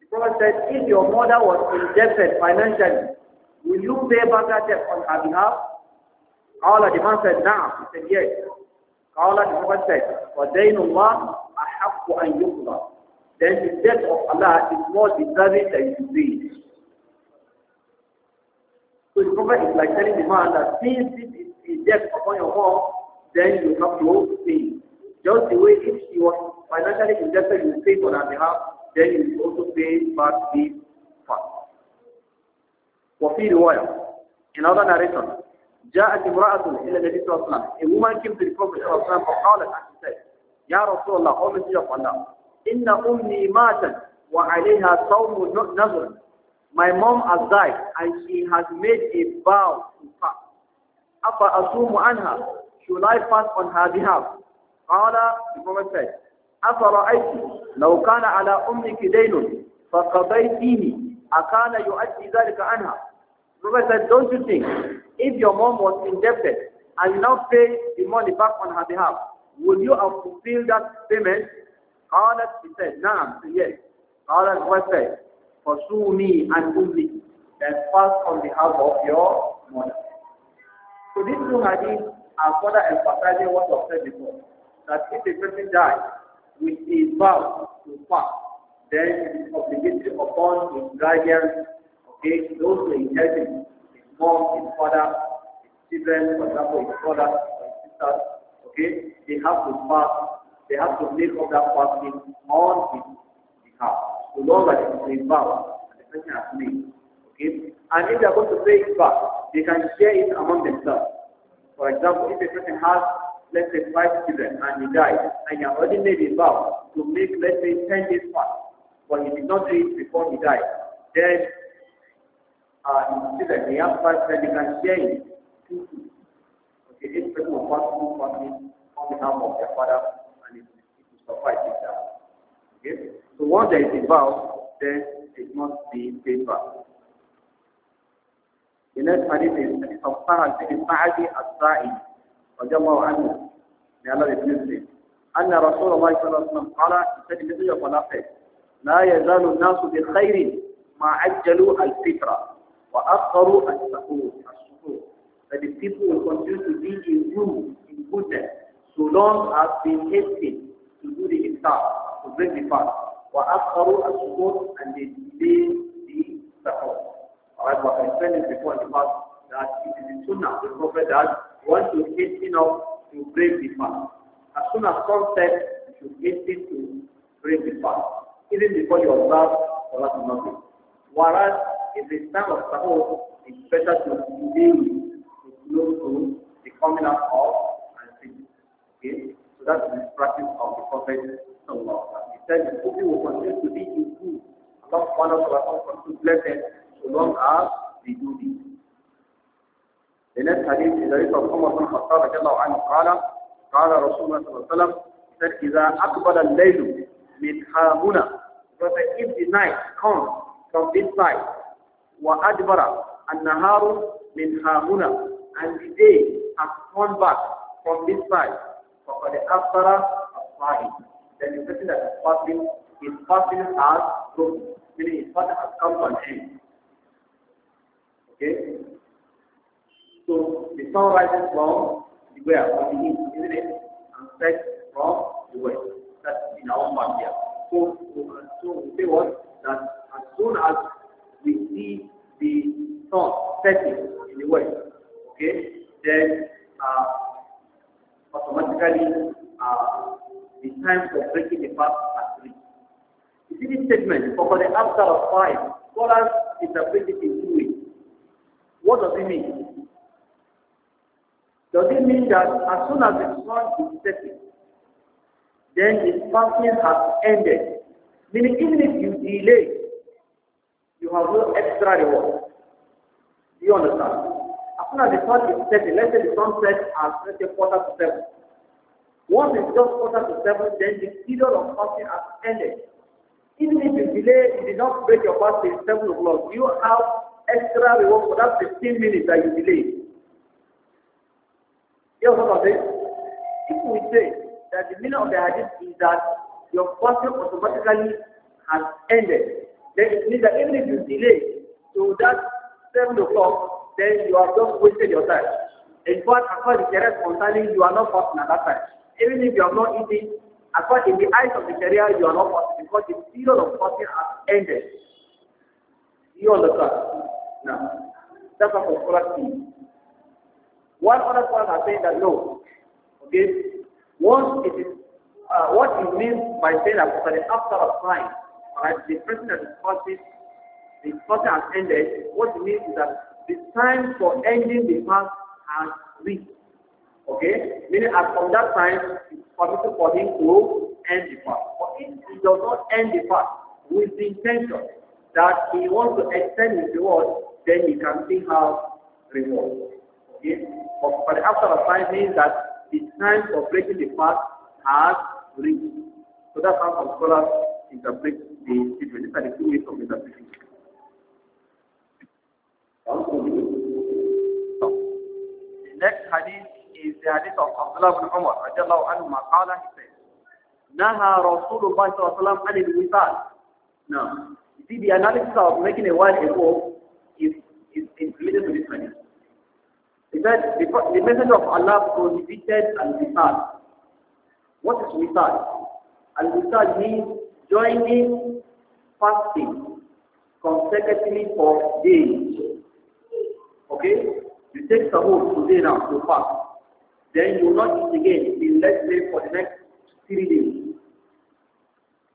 The Prophet said, if your mother was indebted financially, will you pay back that debt on her behalf? قال the man said, نعم. He said, yes. قال the Prophet said, ودين الله وأن يقضى then the death of Allah is more deserving than you see. So the Prophet is like telling the man that since this is a death upon your home, then you have to pay. Just the way if you was financially indebted, you pay for that behalf, then you also pay back the fund. وفي رواية in other narration جاءت امرأة إلى النبي صلى الله عليه وسلم a woman came to the Prophet صلى الله عليه وسلم فقالت and she said Ya Rasulullah, O Messenger of Allah, Inna ummi matan wa alayha sawmu nazr. My mom has died and she has made a vow to fast. Afa asumu anha. Should I fast on her behalf? Qala, the Prophet said, Afa ra'ayti, law kana ala ummiki daynun, faqadaytihi, akana yu'addi dhalika anha. Prophet said, don't you think, if your mom was indebted, and you now pay the money back on her behalf, would you have fulfilled that payment? Qalat, he said, Naam, yes. Qalat, what said? Pursue me and only, then fast on behalf of your mother. So this two hadith are further emphasizing what was said before, that if a person dies with a vow to fast, then it is obligated upon his guardian, okay, those who inherit his mom, his father, his children, for example, his brother, his sister, Okay? They have to fast, they have to make up that fasting on his behalf. So long as it is in vow, the person has made. Okay? And if they are going to pay it back, they can share it among themselves. For example, if a person has, let's say, five children and he died, and he already made a vow to make, let's say, 10 days fast, but he did not do it before he died, then uh, his children, they have five children, they can share it these people pass through family on behalf of their father and it, it will suffice with that. Okay? So once there is a vow, then it must be paid back. The next hadith is hadith of Sahal bin Sa'adi al-Sa'i رضي الله عنه may Allah be pleased with him. أن رسول الله صلى الله عليه وسلم قال سيد النبي فلاقه لا يزال الناس بخير ما عجلوا الفطرة وأخروا السحور that the people will continue to be in room in goodness, so long as they hasten to do the iftar, to break the fast. وأخروا السكوت and they delay the sahur. Alright, what I explained it before in the past that it is the sunnah, the prophet that once you hasten up, to break the fast. As soon as sunset, you hasten to break the fast, even before you observe Salat al-Maghrib. Whereas, if it's time of sahur, it's better to delay close to the coming up of Al-Fitr. Okay? So that's the practice of the Prophet Sallallahu He said the Prophet will continue to be in two. Allah subhanahu wa ta'ala continue to bless them so long as they do this. The next hadith is the hadith of Umar bin Khattab radiallahu anhu قال قال رسول الله صلى الله عليه وسلم said إذا أقبل الليل من ها هنا Prophet if the night comes from this side وأدبر النهار من ها هنا and the day has turned back from this side. For the Aftara of Sahih, then the person that is fasting, his fasting has broken, meaning his fasting has come to an end. Okay? So the sun rises from the where? From the east, isn't it? And sets from the west. That's in our map here. So, so we say what? That as soon as we see the sun setting in the west, okay, then uh, automatically uh, the time for breaking the fast at three. You see this statement, for the after of five, scholars interpret it in two ways. What does it mean? Does it mean that as soon as the sun is setting, then the fasting has ended? Meaning even if you delay, you have no extra reward. Do you understand? As soon as the sun is setting, let's say the sun sets at let's say quarter to seven. Once it's just quarter to seven, then the period of fasting has ended. Even if you delay, you did not break your fast till seven o'clock, you have extra reward for that 15 minutes that you delay. You know what I'm saying? If we say that the meaning of the hadith is that your fasting automatically has ended, then it means that even if you delay to so that 7 o'clock, then you have just wasted your time. In fact, according to the Sharia concerning, you are not fasting at that time. Even if you are not eating, according in the eyes of the Sharia, you are not fasting because the period of fasting has ended. You understand? Now, that's what scholars One other point are saying that no, okay, once it is, uh, what it means by saying that for the after of time, right, the person that is fasting, the fasting has ended, what it means is that the time for ending the fast has reached. Okay? Meaning as from that time, it's possible for him to end the fast. But if he does not end the fast with the intention that he wants to extend his reward, then he can still have reward. Okay? But, but after a time means that the time for breaking the fast has reached. So that's how some scholars interpret the situation. These are the two ways of interpreting the next hadith is the hadith of Abdullah ibn Umar radiallahu anhu maqala he says, Naha Rasulullah sallallahu al wisal. Now, you see the analysis of making a while ago is, is, is related to this hadith. He said, the message of Allah prohibited al-wisal. What is wisal? Al-wisal means joining fasting consecutively for days Okay? You take sahur today now to fast. Then you will not eat again till let's say for the next three days.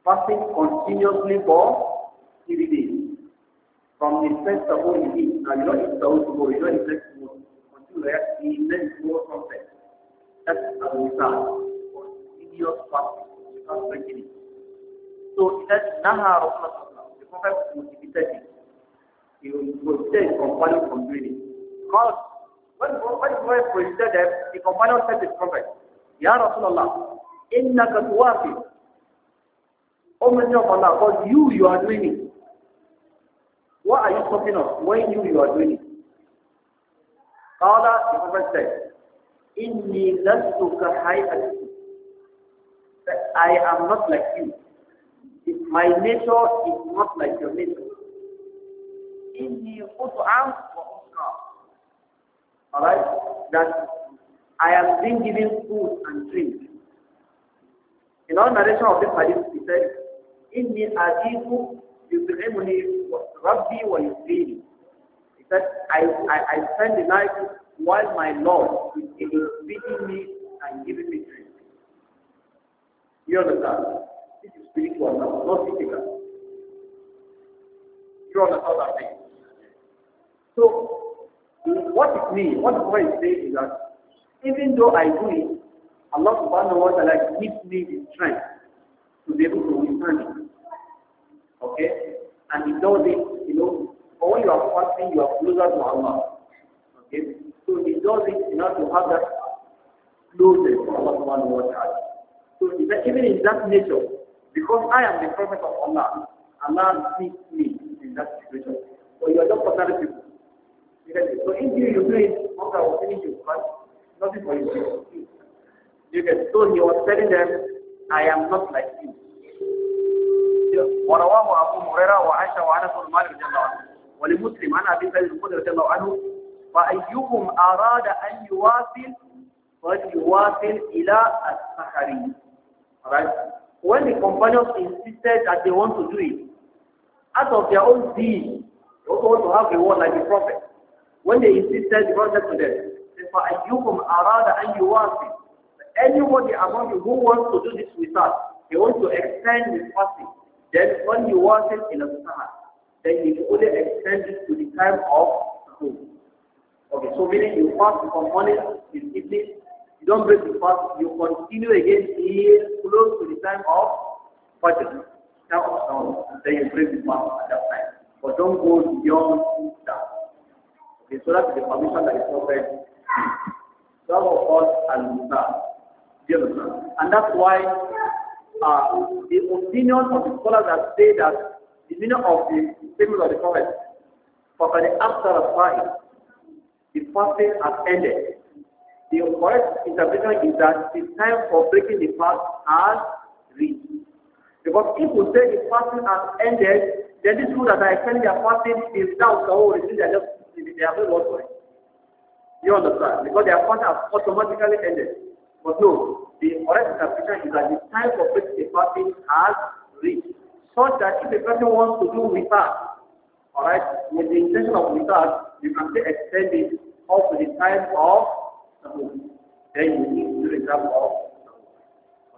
Fasting continuously for three days. From the first sahur you eat. Now you don't eat sahur tomorrow, you don't eat next tomorrow. Until that, you eat next That's a result. Continuous fasting. You can't break it. So it has Naha Rasulullah. The Prophet was motivated. He was prohibited from falling from doing because when, when Ibrahim presented them, the companion said to the Prophet, Ya Rasulullah, Inna tuwafi. O oh, Messenger of Allah, because you, you are doing it. What are you talking of when you, you are doing it? Qala, the Prophet said, Inni lastu ka hayati. I am not like you. If my nature is not like your nature. Inni utu'am wa Alright? That I am being given food and drink. In our narration of this hadith, he said, "In إِنِّي آتِيكُ يُطْعِمُنِي رَبِّي وَيُسْقِينِي He said, I, I, I spend the night while my Lord is feeding me and giving me drink. You understand? This is spiritual now, not physical. You understand that thing? So, what it means, what the Prophet is saying is that even though I do it, Allah subhanahu wa ta'ala gives me the strength to be able to withstand it. Okay? And He does it, you know, but when you are fasting, you are closer to Allah. Okay? So He does it in order to have that closeness to Allah subhanahu wa ta'ala. So even in that nature, because I am the prophet of Allah, Allah sees me in that situation. so you are not ordinary people so injury you do it, hunger will finish you, but nothing for you You get so he was telling them, I am not like you. ورواه أبو هريرة وعائشة وأنس بن مالك رضي الله عنه ولمسلم عن أبي سعيد الخدري رضي الله عنه فأيهم أراد أن يواصل فليواصل إلى السحري. When the companions insisted that they want to do it, out of their own zeal, they also want to have reward like the prophet when they insist the Prophet to them, فَأَيُّكُمْ أَرَادَ أَنْ يُوَاسِي Anybody among you who wants to do this with us, he wants to extend his fasting, then when you want it in a sahar, then he only extend it to the time of noon. Okay, so meaning you fast from morning to evening, you don't break the fast, you continue again here close to the time of Fajr. Now, now, then you break the fast at that time. But don't go beyond that in Surah is a permission that is offered. Some of us and Musa. understand? And that's why uh, the opinion of the scholars that say that the meaning of the statement of the prophet, for the after of time, the fasting has ended. The correct interpretation is that the time for breaking the fast has reached. Because if we say the fasting has ended, then these people that I extending their fasting is now the whole reason they are they have no work for it. You understand? Because their contract automatically ended. But no, the correct interpretation is that the time for which a person has reached, such that if a person wants to do research, alright, with the intention of research, you can say extend it up to the time of the moon. Then you need to do the time of the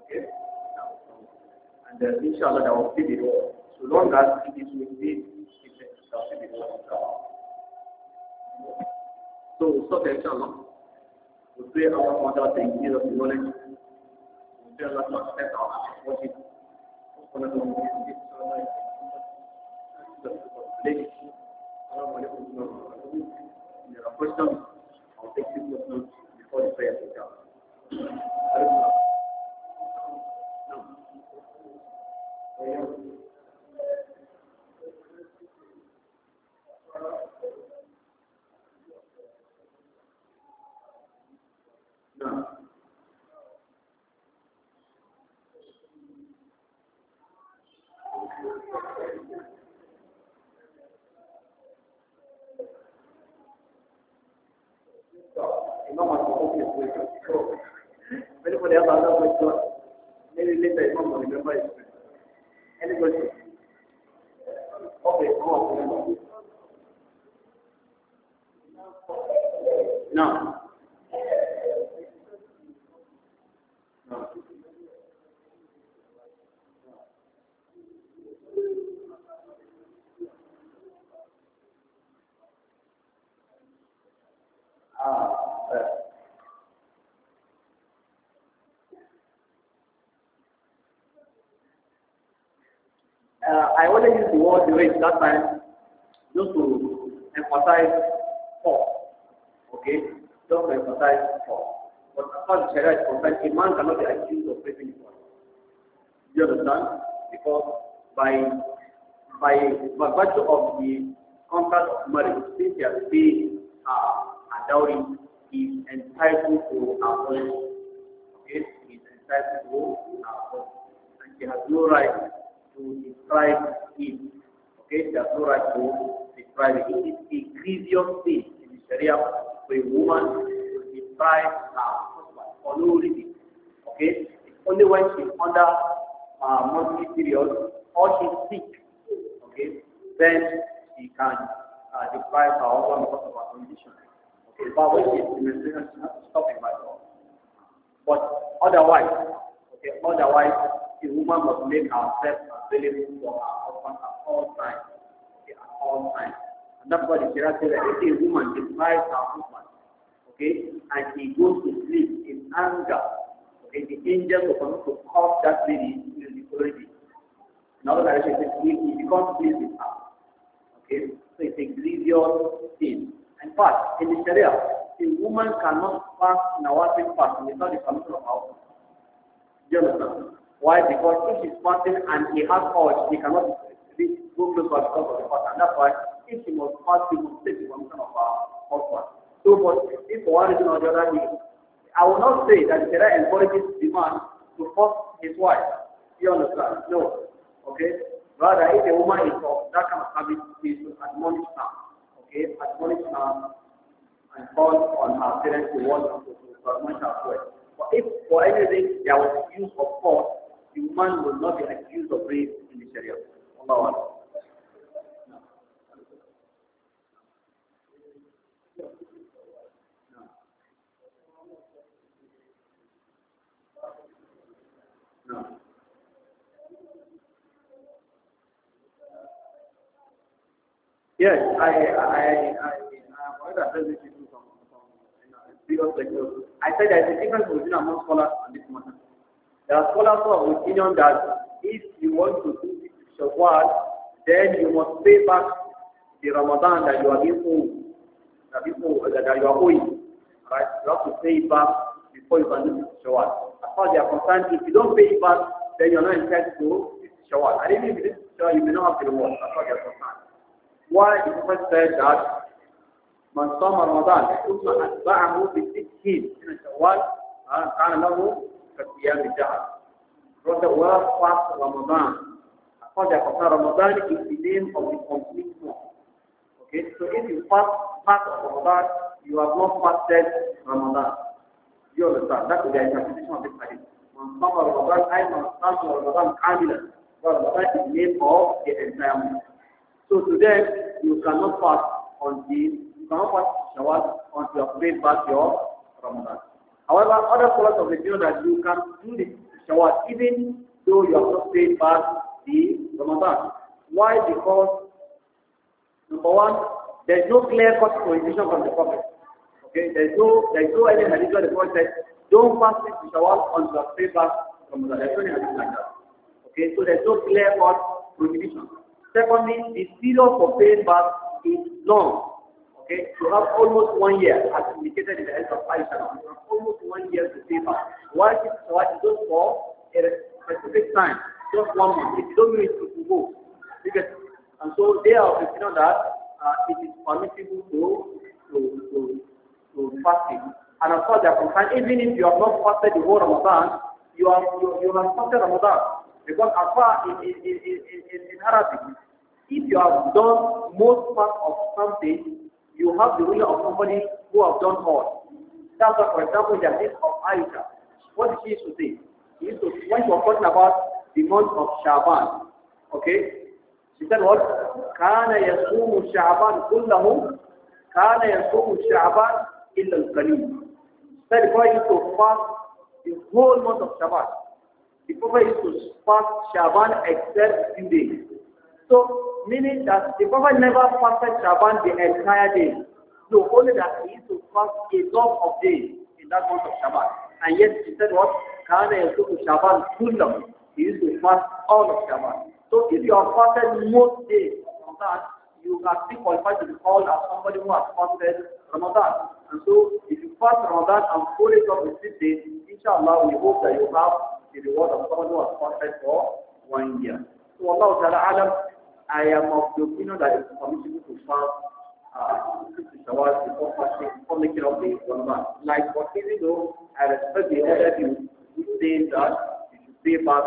Okay? And then, inshallah, that will be the So long as it is with this, it will be the so we inshallah. We pray Allah Ta'ala to increase us knowledge. We pray Allah to accept our worship. There are questions. I'll take few questions before the prayer. Inshallah. No. I only use the word the race that time just to emphasize four. Okay? Just to emphasize four. But as far as Sharia is concerned, a man cannot be accused of raping his wife. You understand? Because by by, by virtue of the contract of marriage, since he has paid uh, a dowry, he is entitled to a policy. Okay? He is entitled to a policy. And he has no right to describe it. Okay, The no to describe it. It is a grievous sin in the Sharia for a woman to deprive her husband for no reason. Okay, it's only when she's under uh, monthly period or she's sick. Okay, then she can uh, deprive her husband because of her condition. Okay, but when she's in menstruation, she has to stop it by law. But otherwise, okay, otherwise the woman must make herself available for her husband at all times. Okay, at all times. And that's why the Shira says that if a woman deprives her husband, okay, and he goes to sleep in anger, okay, the angels are going to cause that lady to be crazy. In other direction, he, becomes pleased with her. Okay, so it's a grievous sin. In fact, in the Sharia, a woman cannot pass in our fast without the permission of her husband. Do you understand? Why? Because if is fasting and he has urge, he cannot reach go close to because of the fast. And that's why if he must fast, he must take the permission of our husband. So, but if for one reason or the other, he, I will not say that Sarah encourages the man to force his wife. You understand? No. Okay? Rather, if a woman is of that kind of habit, she should admonish her. Okay? Admonish her and call on her parents to warn her to admonish her as well. But if for anything there was use of force, the woman will not be accused of rape in the Sharia. Allah Allah. Yes, I I I I addressed this issue from from you know, previous lecture. I said there is a difference between among scholars on this matter. There are scholars who have opinion that if you want to do Shawwal, then you must pay back the Ramadan that you are being owed, that, people, that, you are owing. Right? You have to pay it back before you can do Shawwal. As far as they are concerned, if you don't pay it back, then you are not entitled to Shawwal. And even if you do Shawwal, you may not have the reward. As far as they are concerned. Why is it said that من صام رمضان ثم أتبعه بستة من شوال كان له كصيام الدهر Brother, well, fast Ramadan. According to Ramadan is the name of the complete month. Okay, so if you fast part of Ramadan, you have not fasted Ramadan. You understand? That is the interpretation of this hadith. Man sama Ramadan, I man sama Ramadan kamilan. Ramadan is the name of the entire month. So today, you cannot fast until, you cannot fast Shawwal on your have paid back your Ramadan. However, other products of the view that you can do the shower even though you have not paid back the Ramadan. Why? Because number one, there is no clear cut prohibition from the Prophet. Okay, there is no there is no any hadith where the Prophet said, don't fast the shawat until you have paid back from There is no like that. Okay, so there is no clear cut prohibition. Secondly, the period for paying back is long. Okay, you have almost one year, as indicated in the health of Aisha. You have almost one year to pay back. Why is it why is it for a specific time, just one month? If you don't need to it go. Because, and so they are you know that uh, it is permissible to to to, to fasting. And of course, they are Even if you have not fasted the whole Ramadan, you are you, you have fasted Ramadan because as far in in, in, in in Arabic, if you have done most part of something you have the ruler of somebody who have done all. That's why, for example, the list of Aisha. What she used to say? She used to, when she was talking about the month of Shaban, okay? She said what? كَانَ يَسُومُ شَعْبَانْ كُلَّهُ كَانَ يَسُومُ شَعْبَانْ إِلَّا الْقَلِيلِ Said the Prophet used to fast the whole month of Shaban. The Prophet used to fast Shaban except few days. So, meaning that the Prophet never fasted Shaban the entire day. No, only that he used to fast a lot of days in that month of Shaban. And yet he said what? Kana Yasuku Shaban Kullam. He used to fast all of Shaban. So if you have fasted most days of Ramadan, you are still qualified to be called as somebody who has fasted Ramadan. And so if you fast Ramadan and follow it up with six days, inshallah we hope that you have the reward of someone who has fasted for one year. So Allah Ta'ala I am of the opinion that it's permissible to fast fifty uh, hours before fasting, before making up the Ramadan. Like what even though I respect the other view, which says that you should pay back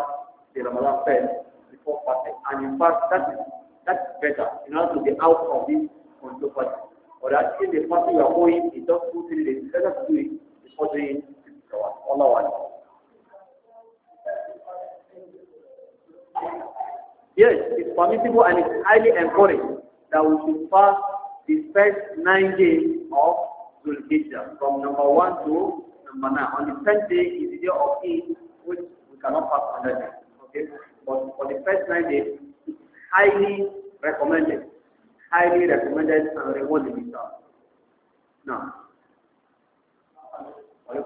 the Ramadan fast before fasting, and in fact that is that's better in order to be out of this control fasting. Or that in the fasting you are going, it does two three days. It's better to do it before doing fifty hours. Allah one. Yes, it's permissible and it's highly encouraged that we should fast the first nine days of Zulhijjah, from number one to number nine. On the tenth day is the day of Eid, which we cannot fast on that day. Okay, but for the first nine days, it's highly recommended, highly recommended and rewarded in Now, Thank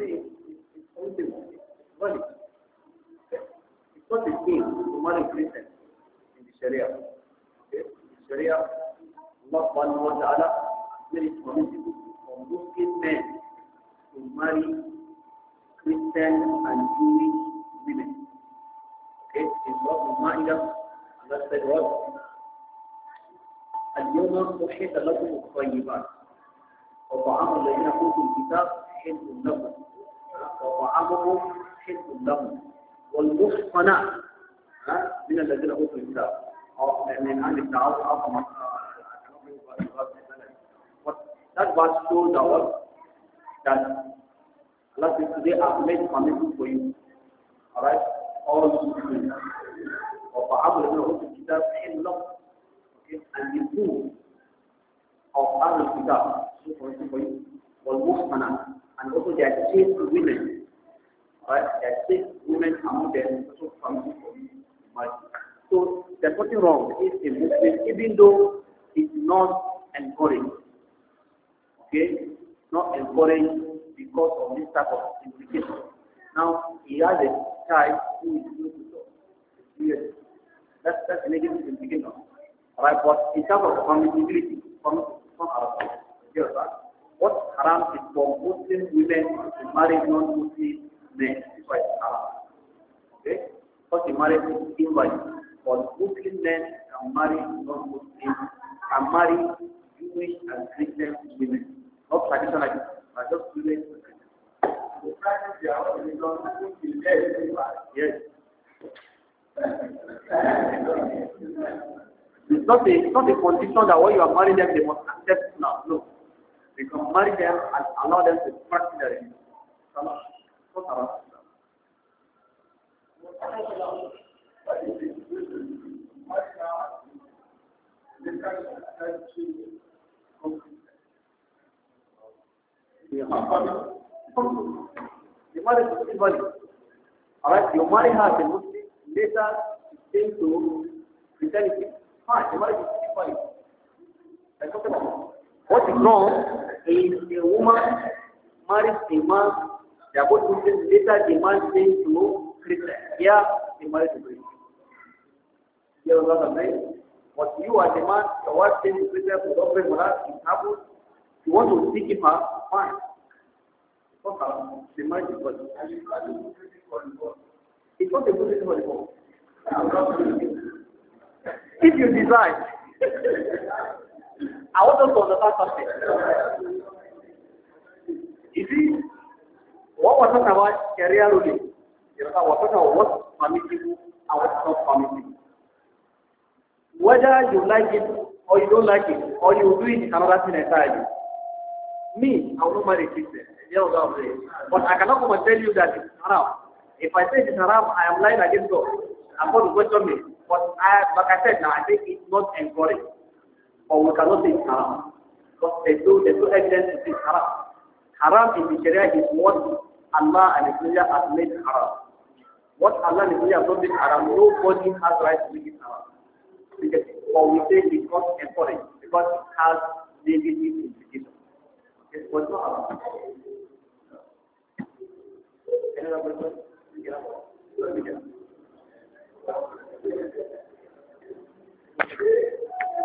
money is money. It's not a thing to money created in the Sharia. Okay? In the Sharia, Allah subhanahu wa ta'ala made it permissible for Muslim men to marry Christian and Jewish women. Okay? In Surah Al-Ma'idah, Allah said what? اليوم أحيط لكم الطيبات وطعام الذين أوتوا الكتاب حل لهم وطعامهم حل لهم والمحصنات من الذين اوتوا الكتاب من اهل That was told our that Allah says today I've made commitment for you. Alright? All things. وطعام الذين اوتوا الكتاب حل Okay? And the food of Ahlul Kitab, so for example, والمحصنات and also there are chaste women, right? There are women among them also come from marriage. So there's nothing wrong if a movement, even though it's not encouraged, okay, not encouraged because of this type of implication. Now he has a child who is going to Yes. That's that's negative implication. Right, but in terms of community, from from our side, yes, right? What haram is for Muslim women to marry non-Muslim men. This is why it's haram. Okay? Because the marriage is invalid. But Muslim men can marry non-Muslim, can marry Jewish and Christian women. Not traditional but just women and Christian. Yes. It's not a, it's not a condition that when you are marrying them, they must accept now. No. We marry them and allow them to consider it. Salah. So Salah. The is Muslim body. Alright, your marry her as a Muslim, later came to Christianity. Fine, your marriage is Muslim body. What is wrong if a woman marries a man, they are both later the man turns to Christian. Yeah, they to Christian. Here was not a But you are the man, your wife turns to Christian, for don't pray for that, you want to seek her, fine. the It's not a good for the If you decide, I want to understand something. You see, what was talking career ruling? You know, we're talking about what's permissible not permissible. Whether you like it or you don't like it, or you do it another thing entirely. Me, I will not marry Christian. But I cannot come and tell you that it's haram. If I say it's haram, I am lying against God. I'm going to question me. But I, like I said now, I think it's not encouraged. Or we cannot say it's haram. Because there's no, there's no evidence to say it's haram. Haram in the Sharia is what Allah and His Messenger have made haram. What Allah and His Messenger have not made haram, nobody has right to make it haram. Because, but we say it's not encouraged because it has negative implications. It's was not haram. Thank you.